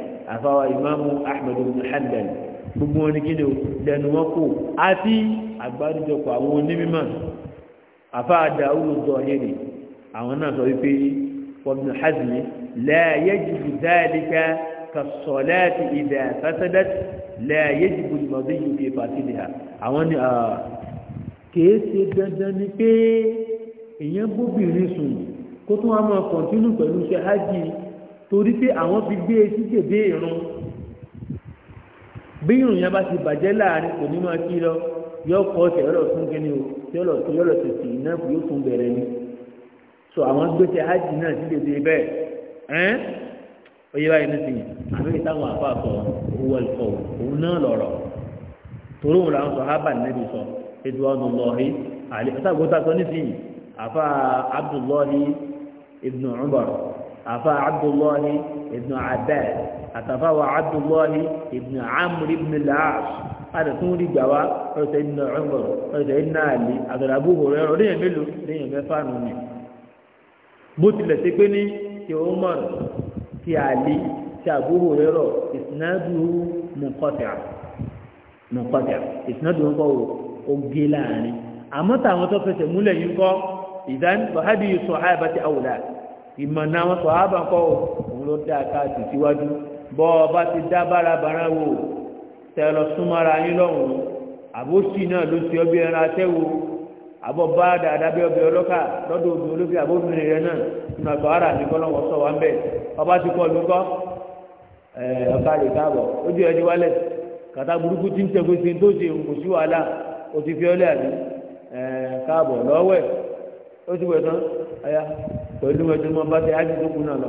[SPEAKER 1] o àfàwà ìmáàmù ahmed ibn hanbal gbogbo wọn ni kí ni o lẹnu wọn kò àti àgbáríjọpọ̀ àwọn onímọ̀ àfà dàúlù zọhìrì àwọn náà sọ wípé wọbùnú hazmi lẹ́yẹ jùlù dáadéka kàṣọlẹ́ẹ̀tì ìdá fẹsẹ̀dẹ́tì lẹ́yẹ jùlù mọ̀dé yìí fàtí nìyà àwọn ni kìí ṣe dandan ni pé èèyàn bóbìnrin sùn kó tún wá máa kọ̀ntínú pẹ̀lú iṣẹ́ hajj torí pé àwọn fi gbé etí dèbé irun bí irun yẹn bá ti bàjẹ́ láàrin kò ní máa kí lọ yọ kọ́ ọ̀sẹ̀ yọ̀lọ̀ tún kíni o yọ̀lọ̀ tún yọ̀lọ̀ tètè iná yóò tún bẹ̀rẹ̀ ni so àwọn gbèsè hajj náà ti dèbé bẹ́ẹ̀ ẹ́n oyè báyìí nísìnyí àbí ìtàwọn àpapọ̀ owó ẹ̀fọ́ òun náà lọ̀rọ̀ torí òun làwọn sọ hábà nẹ́bí sọ ètò ọ̀nà lọ́ọ̀hí àlẹ́ ìtàgbọ́sà sọ nísìnyí àfa abdullahi ibn umar afa abdullahi ibn abed àtàfàwà abdullahi ibn amr ibn al-as adàtún rí gbà wá ọ̀sẹ̀ iná ọmọr ọ̀sẹ̀ iná àlè àtàràbù òrẹ́ ọ̀rọ̀ léyìn mélòó léyìn mẹ́fà nù ni bó tilẹ̀ sí pé ní ti ọmọr ti àlè ti àbú òrẹ́ rọ̀ ìsìnàdù mùkọ́tìà mùkọ́tìà ìsìnàdù ń kọ́ oge láàrin àmọ́ tàwọn tó fẹsẹ̀ múlẹ̀ yìí kọ́ ìdánilọ́hádìí sọ̀háyà bá ti àwòlá ìmọ̀nà wọn sọ ah, ń òun ló dá káàdì síwájú bọ́ ọba ti dá bára bàrá wò tẹ̀lọ súnmọ́ra yín lọ́hùn àbóṣì náà ló ti ọbẹ̀ ẹran atẹ́wò àbọ̀ bá dáadáa bí ọbẹ̀ ọlọ́kà lọ́dọ̀ obìnrin olóbi àbóbìnrin rẹ náà nínú àgbà ara kọ́lọ́wọ́ sọ wá ń bẹ̀ ọba ti ọba káàbọ̀ ojú ẹni wálẹ̀ kàtà burúkú ti ń tó o pẹ̀lú ẹjọ́ mọ́ bá tẹ ájì tó kù náà lọ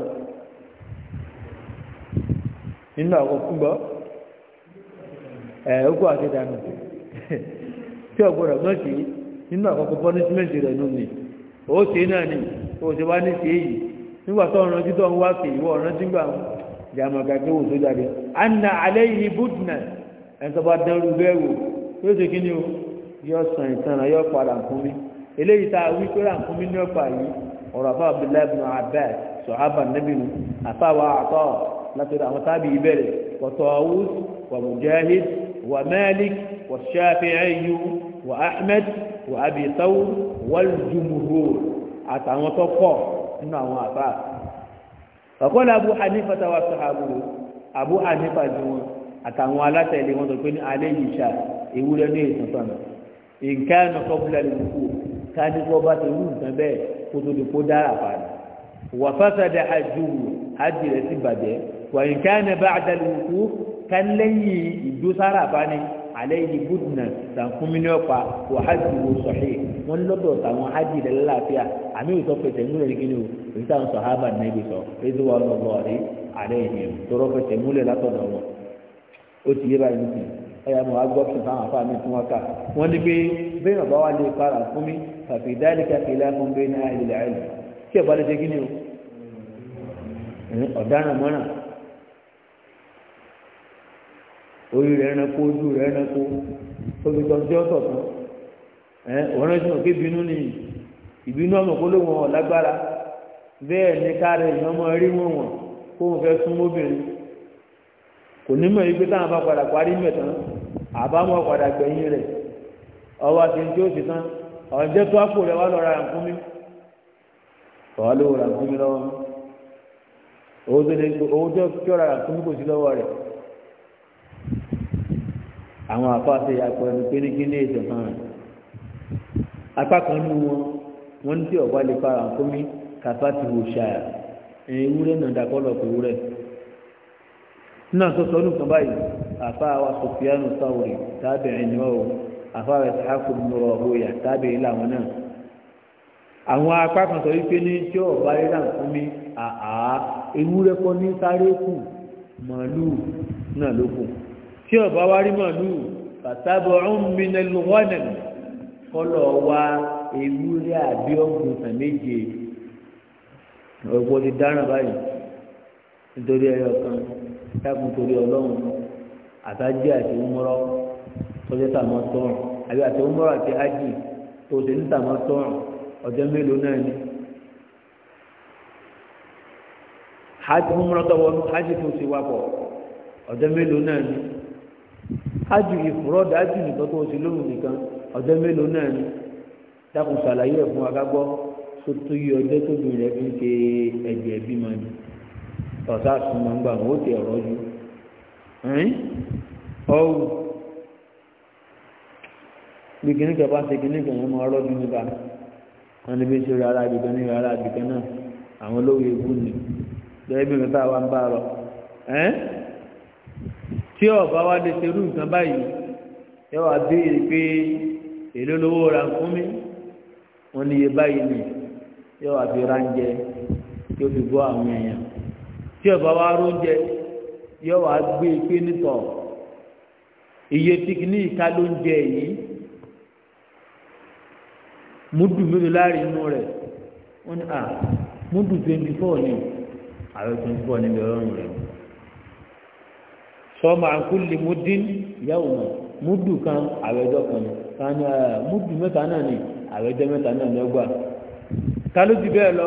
[SPEAKER 1] nínú àwọn kúgbọ́ ẹ̀ ókú àti dànù tí ọ̀gbọ́dọ̀ náà sí nínú àkọ́kọ́ pọ́nísímẹ́ǹtì rẹ̀ nù ní ó ṣe náà ó ṣe wá ní nígbà tó ọ̀ràn títọ́ ń wá sí ọ̀ràn tí gbà gàgbé wò tó jáde anna alẹ́ yìí ẹ̀sọ́ bá dẹrù bẹ́ẹ̀ wò yóò ṣe kí ni o sàn pa ràǹkúmí eléyìí tá a wí pé ní ọ̀pá yìí ọ̀rọ̀ àfáà abdullahi bin abbas sọ̀hábà nabinu àfáàwà àtọ́ látọ̀dọ̀ àwọn tábì ìbẹ̀rẹ̀ wà tọ́wùs wà mujahid wà malik wà shafi'iyu wà ahmed wà abi tawur wal jumuhur àtàwọn tó pọ̀ nínú àwọn àfáà ọ̀kọ́lá abu hanifa tàwa sọ̀hábù abu hanifa ju wọn àtàwọn alátẹ̀lé wọn tó pé ní alẹ́ yìí ṣá ewúrẹ́ ní ìtàn sọ̀nà nǹkan ẹ̀nà kọ́bùlà lè kú káàdì tó bá ti rú nǹkan bẹ́ẹ̀ kó tó di kó dára padà wà fásádà àjùwò àjì rẹ̀ sì bàjẹ́ wà ní káàní bá àdàlù kú ká lẹ́yìn ìjó sára fani alẹ́ yìí bùdùnà sànkúnmíní ọ̀pá wà àjùwò sọ̀hí wọn lọ́dọ̀ táwọn àjì rẹ̀ lálàáfíà àmì ìsọ pẹ̀tẹ̀ múlẹ̀ ní kíni o èyí táwọn sọ̀hábà nẹ́bí sọ èyí wà lọ́wọ́ rí alẹ́ yìí tọrọ pẹ̀tẹ̀ múlẹ̀ látọ̀dọ̀ ففي ذلك خلاف بين أهل العلم كيف قال تجيني ọ̀daràn mọ́ràn orí rẹ̀ ẹranko ojú rẹ̀ ẹranko tóbi tó ṣe ọ̀tọ̀ tán ẹ ọ̀rọ̀ ìṣúná pé bínú ni ìbínú ọmọ kó ló wọn ọ̀ lágbára bẹ́ẹ̀ ni káàrẹ̀ ìyọ́mọ rí wọn wọn kó wọn fẹ́ sún kò ní mọ̀ táwọn bá padà parí mẹ́tàn àbámọ̀ padà gbẹ̀yìn rẹ̀ ọwọ́ àti tí ó ti tán ọ̀rọ̀ jẹ́ tó àpò rẹ̀ wá lọ ra nǹkan mi ọ̀rọ̀ ló ra nǹkan mi lọ́wọ́ mi owó tó lè owó tó tó ra nǹkan mi kò sí lọ́wọ́ rẹ̀ àwọn àpáṣe àpò ẹni pé ní kí ní ètò kan rẹ̀ apá kan ní wọn wọn ní tí ọ̀gbá lè pa nǹkan mi kàfá ti wò ṣáà ewúrẹ́ náà dàkọ́ lọ pé ewúrẹ́ náà tó sọ ọdún kan báyìí àfa wa sọfíà nù sáwòrì tábìrin ni wọn ò àfáwẹ̀ sàákùn nùrọ̀ tabi tábì làwọn náà àwọn apá kan sọ wípé ní tí ọba rírà fún mi àá ewúrẹ́ kọ́ ní sáré kù màálù náà ló kù tí ọba wa rí màálù bàtàbọ̀ ọ̀húnmínà lùwọ́nà kọ́lọ̀ wa ewúrẹ́ àbí ọ̀gùntàn méje ọ̀pọ̀ ti dáràn báyìí nítorí ẹyọ kan dákun torí ọlọ́run àtàjẹ́ àti ìmúrọ́. ọjọ́ tàmọ́ tọ́rùn àbí àti a àti ájì tó ṣe ní tàmọ́ tọ́rùn ọjọ́ mélòó náà ni. hajj múmúrọ̀ tọwọ́ ní hajj tó ṣe wapọ̀ ọjọ́ mélòó náà ni. hajj ìfúrọ́dà nìkan tó ṣe lóhùn nìkan ọjọ́ mélòó náà ni. dákun ṣàlàyé ẹ̀ fún akágbọ́ yí ọjọ́ rẹ̀ fi ń ṣe ẹ̀jẹ̀ ni ọ̀sá ń gbà wọ́n ó bí kìnnì kan bá ṣe kìnnì kan yẹn máa rọ́ọ̀dù níta wọn níbi ṣe rẹ ara àgbẹ̀kan ní rẹ ara àgbẹ̀kan náà àwọn olówó ewu ni bẹ́ẹ̀ bí nǹkan táwa ń bá rọ ẹ́ tí ọba wa lè ṣe irú nǹkan báyìí yẹ wàá béèrè pé èló lówó ra fún mi wọn ní iye báyìí ni yẹ wàá fi ránjẹ tí ó fi bọ́ àwọn èèyàn tí ọba wa róúnjẹ yẹ wàá gbé e pé nítọ̀ iye tí kìíní ìka ló ń jẹ yìí múdù mélòó láàrin inú rẹ̀ wọ́n ní à múdù twenty four ni àwọn twenty four níbi ọlọ́run rẹ̀ sọmọ àkúlì múdín yàwó mọ̀ múdù kan àwẹ̀jọ kan ni tani múdù mẹ́ta náà ni àwẹ̀jọ mẹ́ta náà ni ọgbà ta ló ti bẹ́ẹ̀ lọ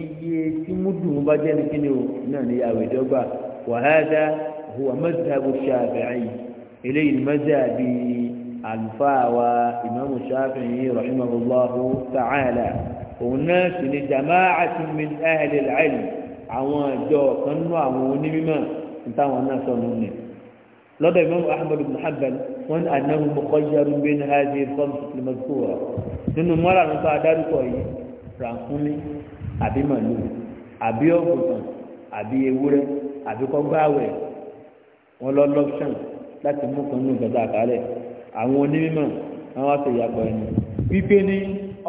[SPEAKER 1] iye tí múdù mú bá jẹ́ ní kíni o náà ni àwẹ̀jọ gbà wàhálà huwa mẹ́ta bó ṣe àbẹ̀rẹ̀ yìí eléyìí mẹ́ta bíi àlùfáà wa ìmáàmù Ṣáfi'í rahimahullahu ta'ala òun náà sì ni jama'atu min ahli al-ilm àwọn àjọ kan nú àwọn onímọ̀ nítawọn náà sọnù ni lọ́dọ̀ ìmáàmù Ahmad ibn Hanbal wọn annahu muqayyarun bayna hadhihi al-khamsati al-madhkura nínú mọ́ra nípa adárúkọ yìí ràǹkúnmí àbí màlúù àbí ọ̀gùntàn àbí ewúrẹ́ àbí kọ́gbáwẹ̀ wọn lọ lọ́pṣàn láti mú kan nù gbọ́dọ̀ àwọn onímọ̀ àwọn àtẹ̀yàpọ̀ ẹni wípé ní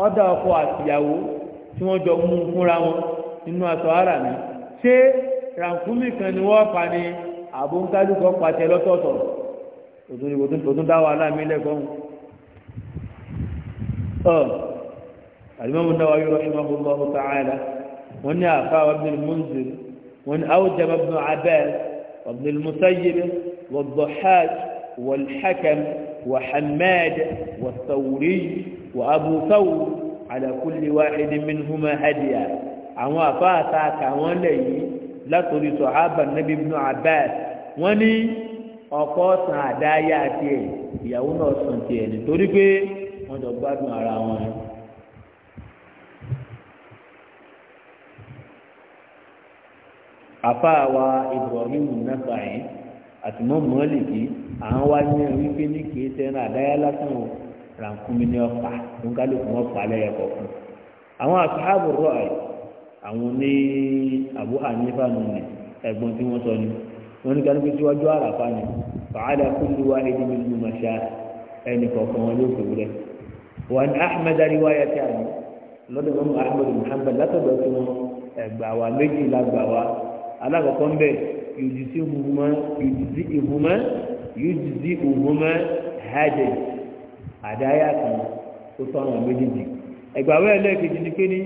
[SPEAKER 1] ọ́dà ọkọ̀ àtìyàwó tí wọ́n jọ mú fúnra wọn nínú aṣọ ara ni ṣé ràǹkúmì kan ni wọ́n pa ni àbóńkálùkọ́ pàtẹ lọ́tọ̀ọ̀tọ̀ òtún ìwò tuntun dá wa láàmì lẹ́gbọ́n ọ̀ àdìmọ́mù náà wáyé rọ́ṣùmọ́ lọ́wọ́ tààlà wọ́n ní àfáwà bí mùsùlùmí wọ́n ní àwùjọba bí abẹ́ẹ̀ ọ̀bìnrin wọ́n bọ̀ hajj wọ́n hàkẹ́mù وحماد والثوري وأبو ثور على كل واحد منهما هديا عما فاتاك ولي لا تري صحابة النبي ابن عباس وني ọkọ san àdáyà tiẹ ìyàwó náà san tiẹ nítorí pé wọn jọ gbádùn ara wọn. àfáà wa ibrahim nafa yìí àtìmọ́ mọ́lìkì àwọn wá ní wípé ní kìí sẹ́nu àdáyá lásán o rànkúmi ní ọ̀pá fún kálukú wọn pa lẹ́yẹ kọ̀ọ̀kan àwọn àtàbù rọ̀ ẹ̀ àwọn ní àbú hanifa nùnẹ̀ ẹ̀gbọ́n tí wọ́n sọ ni wọ́n ní kálukú síwájú àràfà ni fàádà kúlù wá ní ìdíbi ìlú màṣá ẹnì kọ̀ọ̀kan wọn yóò fèwúrẹ́ wọn ni ahmed ariwaya tí a ní lọ́dọ̀ mọ́mú ahmed muhammed látọ̀dọ̀ tí wọn ẹ̀gbà wa méjì lágbà wa alákọ̀ọ́kọ́ ń bẹ̀ yòdì sí ìhùmọ́ yujzi uhuma hajj àdáyà kan ó tọ́ àwọn méjèèjì ẹgbàáwé ẹlẹ́ẹ̀kejì ni pé ní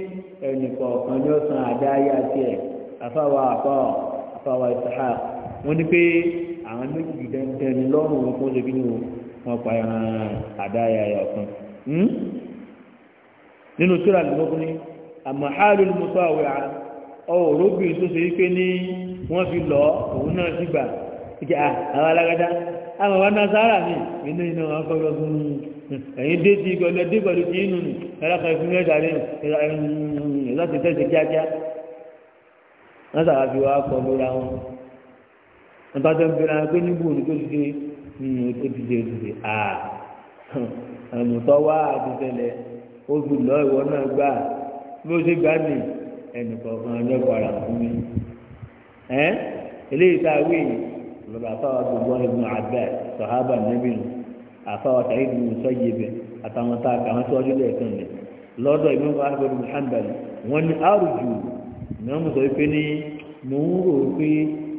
[SPEAKER 1] ẹnìkọ̀ọ̀kan ni ó san àdáyà afáwa àpá afáwa ìsáhà wọ́n ní pé àwọn méjì dandan ni lọ́rùn wọn fún ṣẹ́bí ni wọ́n pa ẹran àdáyà ẹ̀ ọ̀kan. Hmm? nínú ni àmàhálù ni mo sọ àwẹ̀ ọ̀rọ̀ fi lọ òun náà ìjẹ́ àwọn alágbádá àwọn wọn náà sáárà mi inú iná wọn kọ́ lọ́gbọ́n mi ẹ̀yin dé ti ìgbọ̀lù ẹ̀dí pẹ̀lú ti inú mi ẹlọ́kọ̀ ìfún mi ẹ̀dá rẹ̀ ìlọ́sì tẹ̀sí kíákíá wọ́n sábà fi wá kọ́ lóra wọn wọ́n bá tó ń bẹ̀rẹ̀ wọn pé níbo ni tó ti dé hmm, ó ti dé òdìdè à àmùtọ́ wá àtúntẹ̀lẹ̀ ó fi lọ ìwọ náà gbà bí ó ṣe gbà mí ẹnì kọ̀ọ̀kan lẹ́kọ̀ọ́ lọ́dọ̀ àfáwà gbogbo ibùn àbẹ́ sọ̀hábà nẹ́bìnú àfáwà sàyid ibùn sọ́yìnbẹ̀ àtàwọn tá a kà wọ́n síwájú lẹ́ẹ̀kan rẹ̀ lọ́dọ̀ ìmọ̀ ahmed muhammed wọ́n ní àrùjù náà mo sọ pé ní mò ń rò pé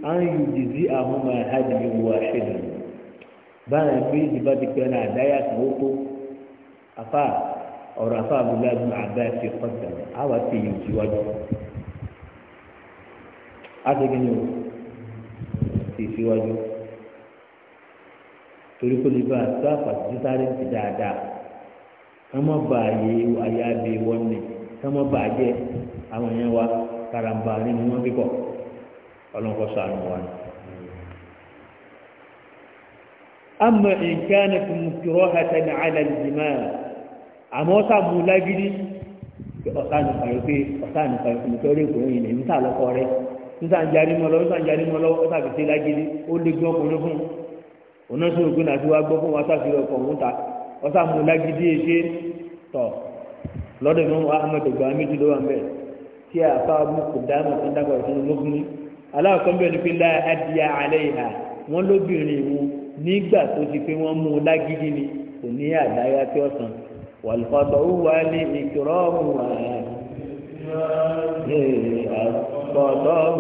[SPEAKER 1] à ń yù jìzí àwọn ọmọ ẹ̀hádìí ní wọ àṣẹlẹ̀ báyìí pé ìdìbò ti pẹ́ náà àdáyà kan ó tó afá ọ̀rọ̀ afá abúlé ibùn àbẹ́ ti kọ́ sí síwájú torí kó lè bá a sọ àpàtì sáré ti dáadáa ká má ba àyè àyàbí wọn ni ká má ba àjẹ àwọn èèyàn wa karamba nínú wọn kíkọ ọlọ́nkọ́ sọ àánú wa ni. ama nkaana fi mukiro hatan ala jima àmọ́ sàmúlágídí ọ̀sán nìkan yìí pé ọ̀sán nìkan yìí pé nítorí ìkòyìn ní níta lọ́kọ́ rẹ̀ sísan jarí mọ́ lọ́wọ́ sísan jarí mọ́ lọ́wọ́ ọ̀sà fìṣe lágídí ó lé gbọ́n kúnlé fún un ọ̀nà sọ̀rọ̀ pé nàti wá gbọ́ fún wọn ọ̀sà fìṣe ọkọ̀ òun ta ọ̀sà mú lágídí èké tọ̀ lọ́dọ̀ mi wọn ahmed ọgbà méjì ló wà ń bẹ̀ tí a fa mú kò dáná tó ń dàgbà fún un lókun aláwọ̀kan pé láyà á قضاه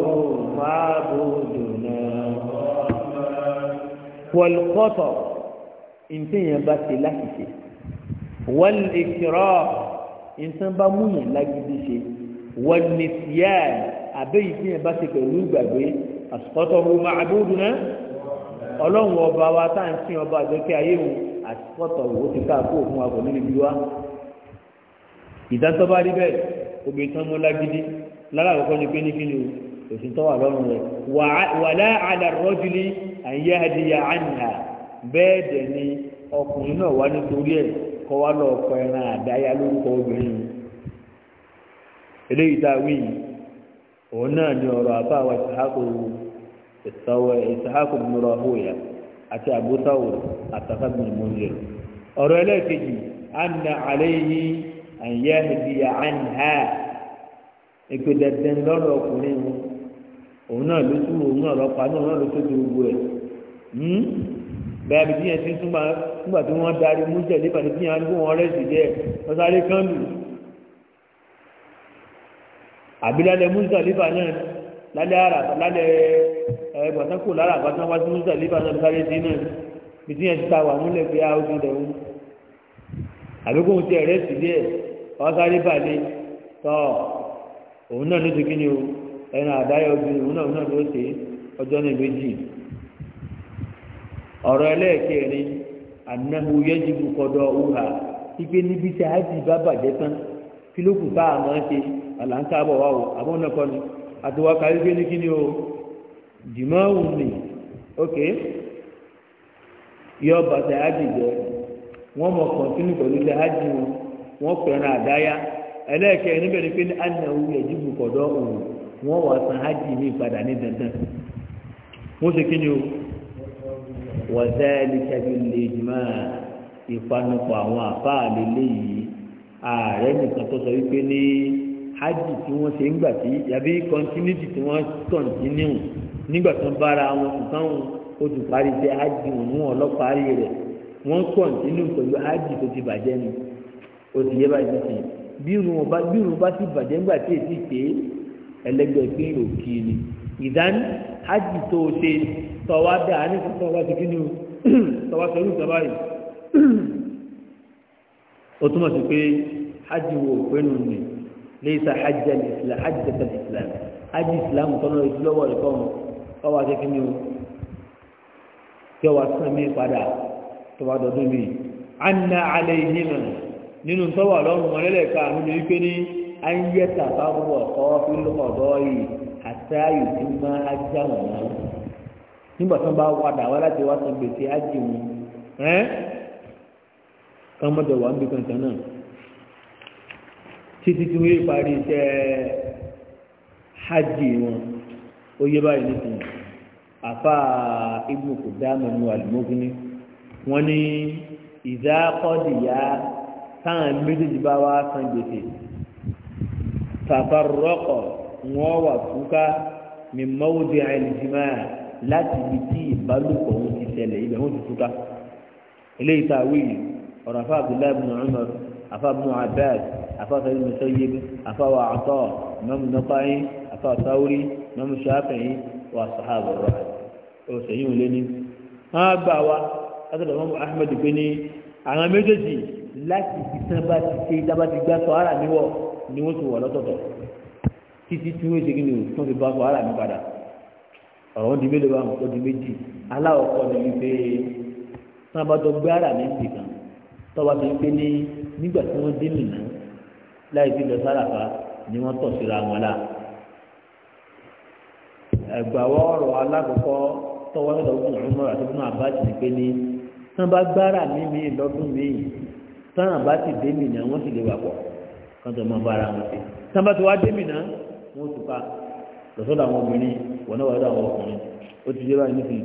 [SPEAKER 1] معبودنا والخطأ ìntẹ́ yẹn bá ṣe láṣìṣe wọ́n lè kírọ́ ìntẹ́ bá mú yẹn lágídí ṣe wọ́n lè fìyà àbẹ́ ìtẹ́ yẹn bá ṣe pẹ̀lú ìgbàgbé àsìkọ́tọ̀ ọ̀hún máa dúdú náà ọlọ́run ọba wa tá à ń sìn ọba àgbẹ̀kẹ́ ayé wọn àsìkọ́tọ̀ ọ̀hún ti ká àkó òfin wa kò ní ibi wa ìdántọ́ bá rí bẹ́ẹ̀ obìnrin kan mọ́ lágídí lára àkọ́kọ́ ni pé ní kí ni o òsì tó wà lọ́rùn rẹ̀ anya àdàrọ́júlé àyè àdìyà àníhà bẹ́ẹ̀ dẹ̀ ni ọkùnrin náà nítorí ẹ̀ kọ́ wá lọ ọkọ ẹran àdáyà lórúkọ obìnrin eléyìí tá a wí òun náà ni ọ̀rọ̀ àbá wa ìsàhákò ìsàhákò múra àti àbúsáwò mọ́lẹ̀ ọ̀rọ̀ ẹlẹ́ẹ̀kejì àyẹ́ ìdíyà àìníhà èpè dandan lọ́rọ̀ ọkùnrin wọn òun náà ló tún òun náà lọ́pàá náà náà ló tó ti gbogbo ẹ̀ hmm? bẹ́ẹ̀ bí yẹn ti túmọ̀ nígbà tí wọ́n darí mújẹ̀ nípa tí yẹn á gbó wọn rẹ̀ sí jẹ́ wọ́n sáré kánlù àbílálẹ̀ múzàlífà náà lálẹ́ àràbálẹ̀ ẹgbàtánkò lára àgbàtán wá sí múzàlífà náà sáré sí náà bí tí yẹn ti ta wà múlẹ̀ pé a ó rẹ̀ wọn àbíkóhun ti ẹ̀rẹ́ sí díẹ̀ ọ̀sáré balẹ̀ tọ́ òun náà ló ti kí ni o ẹnu àdáyọ̀ obìnrin òun náà ló ọjọ́ náà méjì ọ̀rọ̀ ẹlẹ́ẹ̀kẹrin anahu yẹjibu kọdọ uha ipe níbi tí a ti bá bàjẹ́ tán kí ló kù bá ṣe àlàńtà bọ̀ wá o àbọ̀ náà kọ́ pé ní kí ni o yọ bàtà ájì jẹ wọn mọ pẹ̀lú ájì wọ́n pẹ̀rẹ̀ àdáyá ẹlẹ́ẹ̀kẹ́ níbẹ̀ ni pé ní anáwó ẹ̀jìbù kọ̀dọ̀ òun wọ́n wà san hajj ní ìpadà ní dandan wọ́n ṣe kí ni o wọ́sẹ́ẹ̀lì kẹ́bílì ìjùmọ̀ ìpanupọ̀ àwọn àfáà lélẹ́yìí ààrẹ nìkan tó sọ wípé ní hajj tí wọ́n ṣe ń gbà tí yàbí kọ́ńtínítì tí wọ́n kọ̀ǹtínú nígbà tó ń bára wọn nǹkan ó ti parí ṣe hajj wọn ní rẹ̀ wọ́n kọ̀ǹtínú pẹ̀lú hajj tó ti bàjẹ́ ni òsì yẹ báyìí nìsín bí irun bá bí irun bá ti bàjẹ́ ńgbà tí èsì pé ẹlẹgbẹ́ pé òkè ni ìdání ájì tó o ṣe tọ́wá dá a nípa tọ́wá ti kí ni sọ irúgbà báyìí o túmọ̀ sí pé ájì wo òpin nù ni léyìí sá ájì alìsílá ájì tẹ̀sán ìsìlám ájì ìsìlám tọ́nà ètò lọ́wọ́ rẹ̀ fọ́ọ̀mù tọ́wá ti kí ni o tí padà tọ́wá dọ́dún mi. anna alẹ́ yìí nìyẹn. nínú tọ́wà lọ́rùn wọn lẹ́lẹ́ka àwọn ní wípé ní ayẹ́ta bá ń ọ̀kọ́ fi yìí àti ayò tí máa ajá wọn náà nígbà tó bá padà wá láti wá san gbèsè ájì wọn ẹ́ kán wà ń bí kankan náà títí tí hajj wọn ó yé báyìí àfa ìdá táwọn méjèèjì bá wá san gbèsè tàfàrọ́kọ̀ wọ́n wà túká mi mọ́wódì àìlèjìmá láti ibi tí ìbálòpọ̀ òun ti ṣẹlẹ̀ ibẹ̀ òun ti túká eléyìí tá a wí ọ̀rọ̀ afá abdullahi bin umar afá bin abed afá sẹ́yìn musayyib afá wa àtọ́ mọ́mú nọ́páyín afá sáwúrí mọ́mú sáfẹ̀yìn wa sàhábà rọ̀ ọ̀ sẹ́yìn òun lé ní. wọ́n á gbà wá látọ̀dọ̀ ahmed gbé ní àwọn méjèèjì láti ìtàn bá ti ṣe dábàá ti gbá sọ̀hárà níwọ̀ ni wọ́n ti wọ̀ lọ́tọ̀ọ̀tọ̀ títí tí wọ́n ṣe kí ni o tó fi bá sọ̀hárà mi padà ọ̀rọ̀ wọn di mélòó bá wọn kó di méjì aláwọ̀kọ́ ni wípé sábà tó gbé ara mi ti kàn tọ́ba tó ń pè ní nígbà tí wọ́n dín nìyà láì fi lọ sáràfà ni wọ́n tọ̀ síra wọn la ẹgbàwọ́ ọ̀rọ̀ alákọ̀ọ́kọ́ tọ́wọ́ lọ́dọ̀ ọdún ọ̀hún mọ́ra tó fún àbájì ni pé ní sábà gbára mi mi lọ́dún mi táwọn bá ti dé mìíràn wọ́n sì lè wà pọ̀ kán tó máa bára wọn sí táwọn bá ti wá dé mìíràn wọ́n tún ká lọ́sọ́dọ̀ àwọn obìnrin wọ́n náà wà lọ́dọ̀ àwọn ọkùnrin ó ti dé báyìí nífi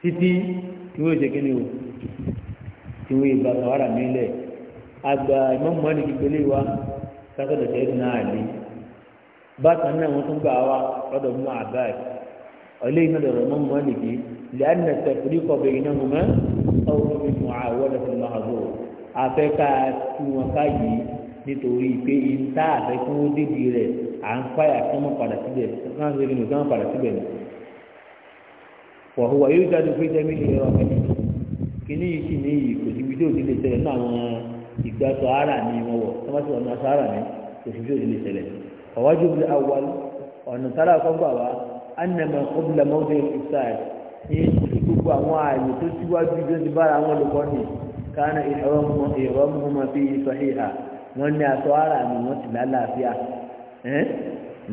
[SPEAKER 1] títí tí wọ́n ṣe kí ni o tí wọ́n ìgbà sàwárà mi lẹ̀ àgbà ìmọ̀mọ́ ni kíkẹ́ lé wa sátọ̀dọ̀ tẹ́lẹ̀ náà lé bákan náà wọ́n tún gbà wá lọ́dọ̀ mú àbáyé ọ̀lẹ́ iná afẹ́ká tú wọn káyìí nítorí pé ìta àfẹ́ kí wọ́n débi rẹ̀ à ń fáyà kí wọ́n padà síbẹ̀ káwọn ṣe nù kí wọ́n padà síbẹ̀ nù. wàhùwà yóò jáde fún ìjẹ́ mílíọ̀nù ẹ̀rọ ọ̀fẹ́ kìíní yìí sì ní yìí kò síbi tí òdìlé ṣẹlẹ̀ náà àwọn ìgbàsọ ara ni wọn wọ̀ tọ́mọ́sí ọ̀nà sára ni kò síbi tí òdìlé ṣẹlẹ̀ ọ̀wájú bí awal ọ̀nà sára kọ́gbà wa anamọ̀ kọ́bùlà mọ́tò ìfúsáì ní gbogbo àwọn ààyè tó síwájú ìjọ kánà ìrọ́mùhùmọ́ fi sọ́híhà wọ́n ní aṣọ ara mi wọ́n ti lálàáfíà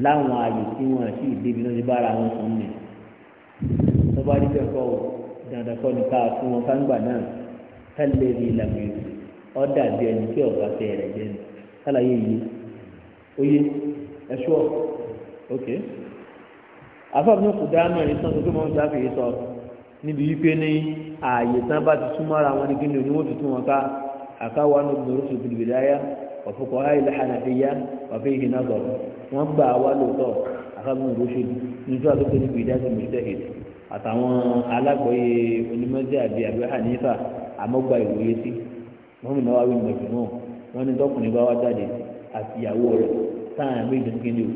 [SPEAKER 1] láwọn ààyè tí wọ́n sì débi lọ́jọ́ bára wọn fún mi. tó bá rí bẹ́ẹ̀ kọ́ ò dandan kọ́ ni ká fún wọn fáńgbà náà tẹ́lẹ̀ rí ìlànà ìlú ọ́ dàbí ẹni tí ọ̀gá fẹ́ rẹ̀ jẹ́ ni sálàyé yìí oyè ẹ̀ṣọ́ ok afọ́ mi kù dáná ní sọ́n tó tó mọ́ ń sáfì yìí sọ níbi wípé ní ààyè tán bá ti súnmọ́ra wọn ní kí ni oníwó tuntun wọn ká àkáwá ní gbòòrò tó gbìdìgbì dáyà ọ̀fọ̀kọ̀ ayé lẹ́hànàfẹ́yà ọ̀fẹ́ ìhìn náà sọ̀rọ̀ wọ́n gbà wá lóòótọ́ àkáwọn òróṣèlú nítorí àtúntò níbi ìdájọ́ mùsítẹ́hìd àtàwọn alágbọ̀ọ́yé onímọ̀jẹ́ àbí àbí hanifa àmọ́gbà ìwòye sí mọ́mìnà wa wí mọ̀jù náà wọ́n ní tọkùnrin bá wá jáde àtìyàwó rẹ̀ táwọn àmì ìdùnkínlẹ̀ o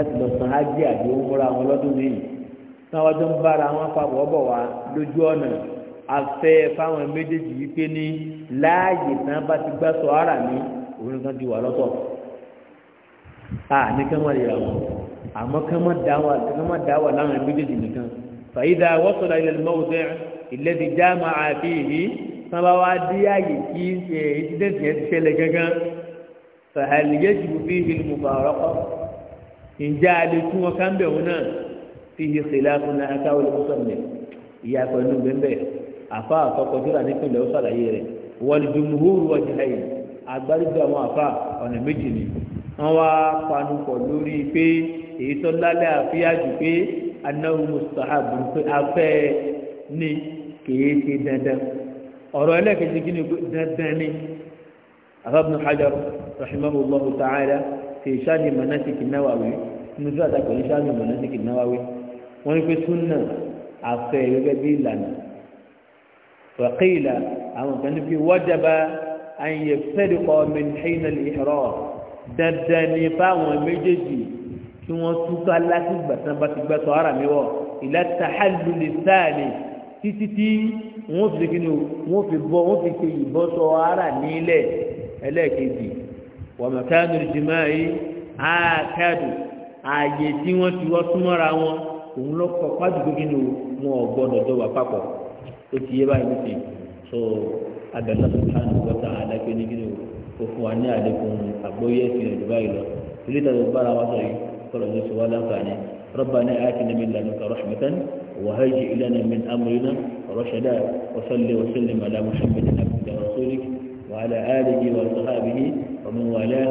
[SPEAKER 1] táwọn ìjọba ṣe táwọn ọjọ́ ń bára wọn papọ̀ bọ̀ wá lójú ọ̀nà afẹ́ fáwọn méjèèjì yìí pé ní láàyè tán bá ti gbá sọ ara mi òun kan ti wà lọ́tọ̀ a ní kán wọ́n lè ra wọn àmọ́ kán má dá wà kán má dá wà láwọn méjèèjì nìkan fàyídà wọ́sọ̀rọ̀ ilẹ̀ lọ́wọ́sẹ̀ ìlẹ́dì jáàmù àfihì sábà wá dé àyè kí ẹ̀ ìdílẹ̀sì yẹn ti ṣẹlẹ̀ gángan fàhàlì yẹ́sì bùbí ìlú mùbàrọ́kọ́ ǹjẹ́ àlè fihi khilafun akawo al-musannif ìyá pẹ̀lú bẹ́ẹ̀ àfa àkọ́kọ́júra nípìnlẹ̀ ó sàlàyé rẹ̀ wal jumhur wajhayn agbáríjọ àwọn àfa ọ̀nà méjì ni wọ́n wá panupọ̀ lórí pé èyí tó lálẹ́ àfíàjù pé anáwó mustahabu pé afẹ́ ni kìí ṣe dandan ọ̀rọ̀ ẹlẹ́kẹ̀ẹ́sì kí ni dandan ni afábùnú hajar rahimahullahu ta'ala fi ṣáàni manasiki náwàwí nínú tí wàá ta pẹ̀lú ṣáàni wọ́n ní pé súnà àfẹ gẹ́gẹ́ bí ìlànà fàkìlà àwọn kan níbi wọ́jàba àyè fẹ́rìkọ́ mẹ́tẹ́nà ìhọ́rọ́ dandan ní fáwọn méjèèjì tí wọ́n túká láti gbàtàn bá ti gbà sọ ara mi wọ̀ ìlà tàhálù lè sáàlì títí tí wọ́n fi kí ni wọ́n fi bọ́ wọ́n fi ṣe ìbọn sọ ara nílẹ̀ ẹlẹ́ẹ̀kejì wàmọ̀kánú ìjìmáyé àákádù ààyè tí wọ́n ti wọ́n súnmọ́ra wọn òun lọ kọ pàjù gbogbo ní wọn ò gbọdọ̀ jọ wà papọ̀ ó ti yé báyìí nìsín so abẹ́lẹ́ sùpánù wọ́tà adájọ́ ní gíní o fún wa ní àlékún àgbóyè ẹ̀sìn ẹ̀dùn báyìí lọ ilé ìtàgé gbára wa sọ yìí kọlọ̀ ní sọ wá láǹfààní ربنا آتنا من لدنك رحمة وهيئ لنا من أمرنا رشدا وصل وسلم على محمد عبدك ورسولك وعلى آله وصحابه ومن والاه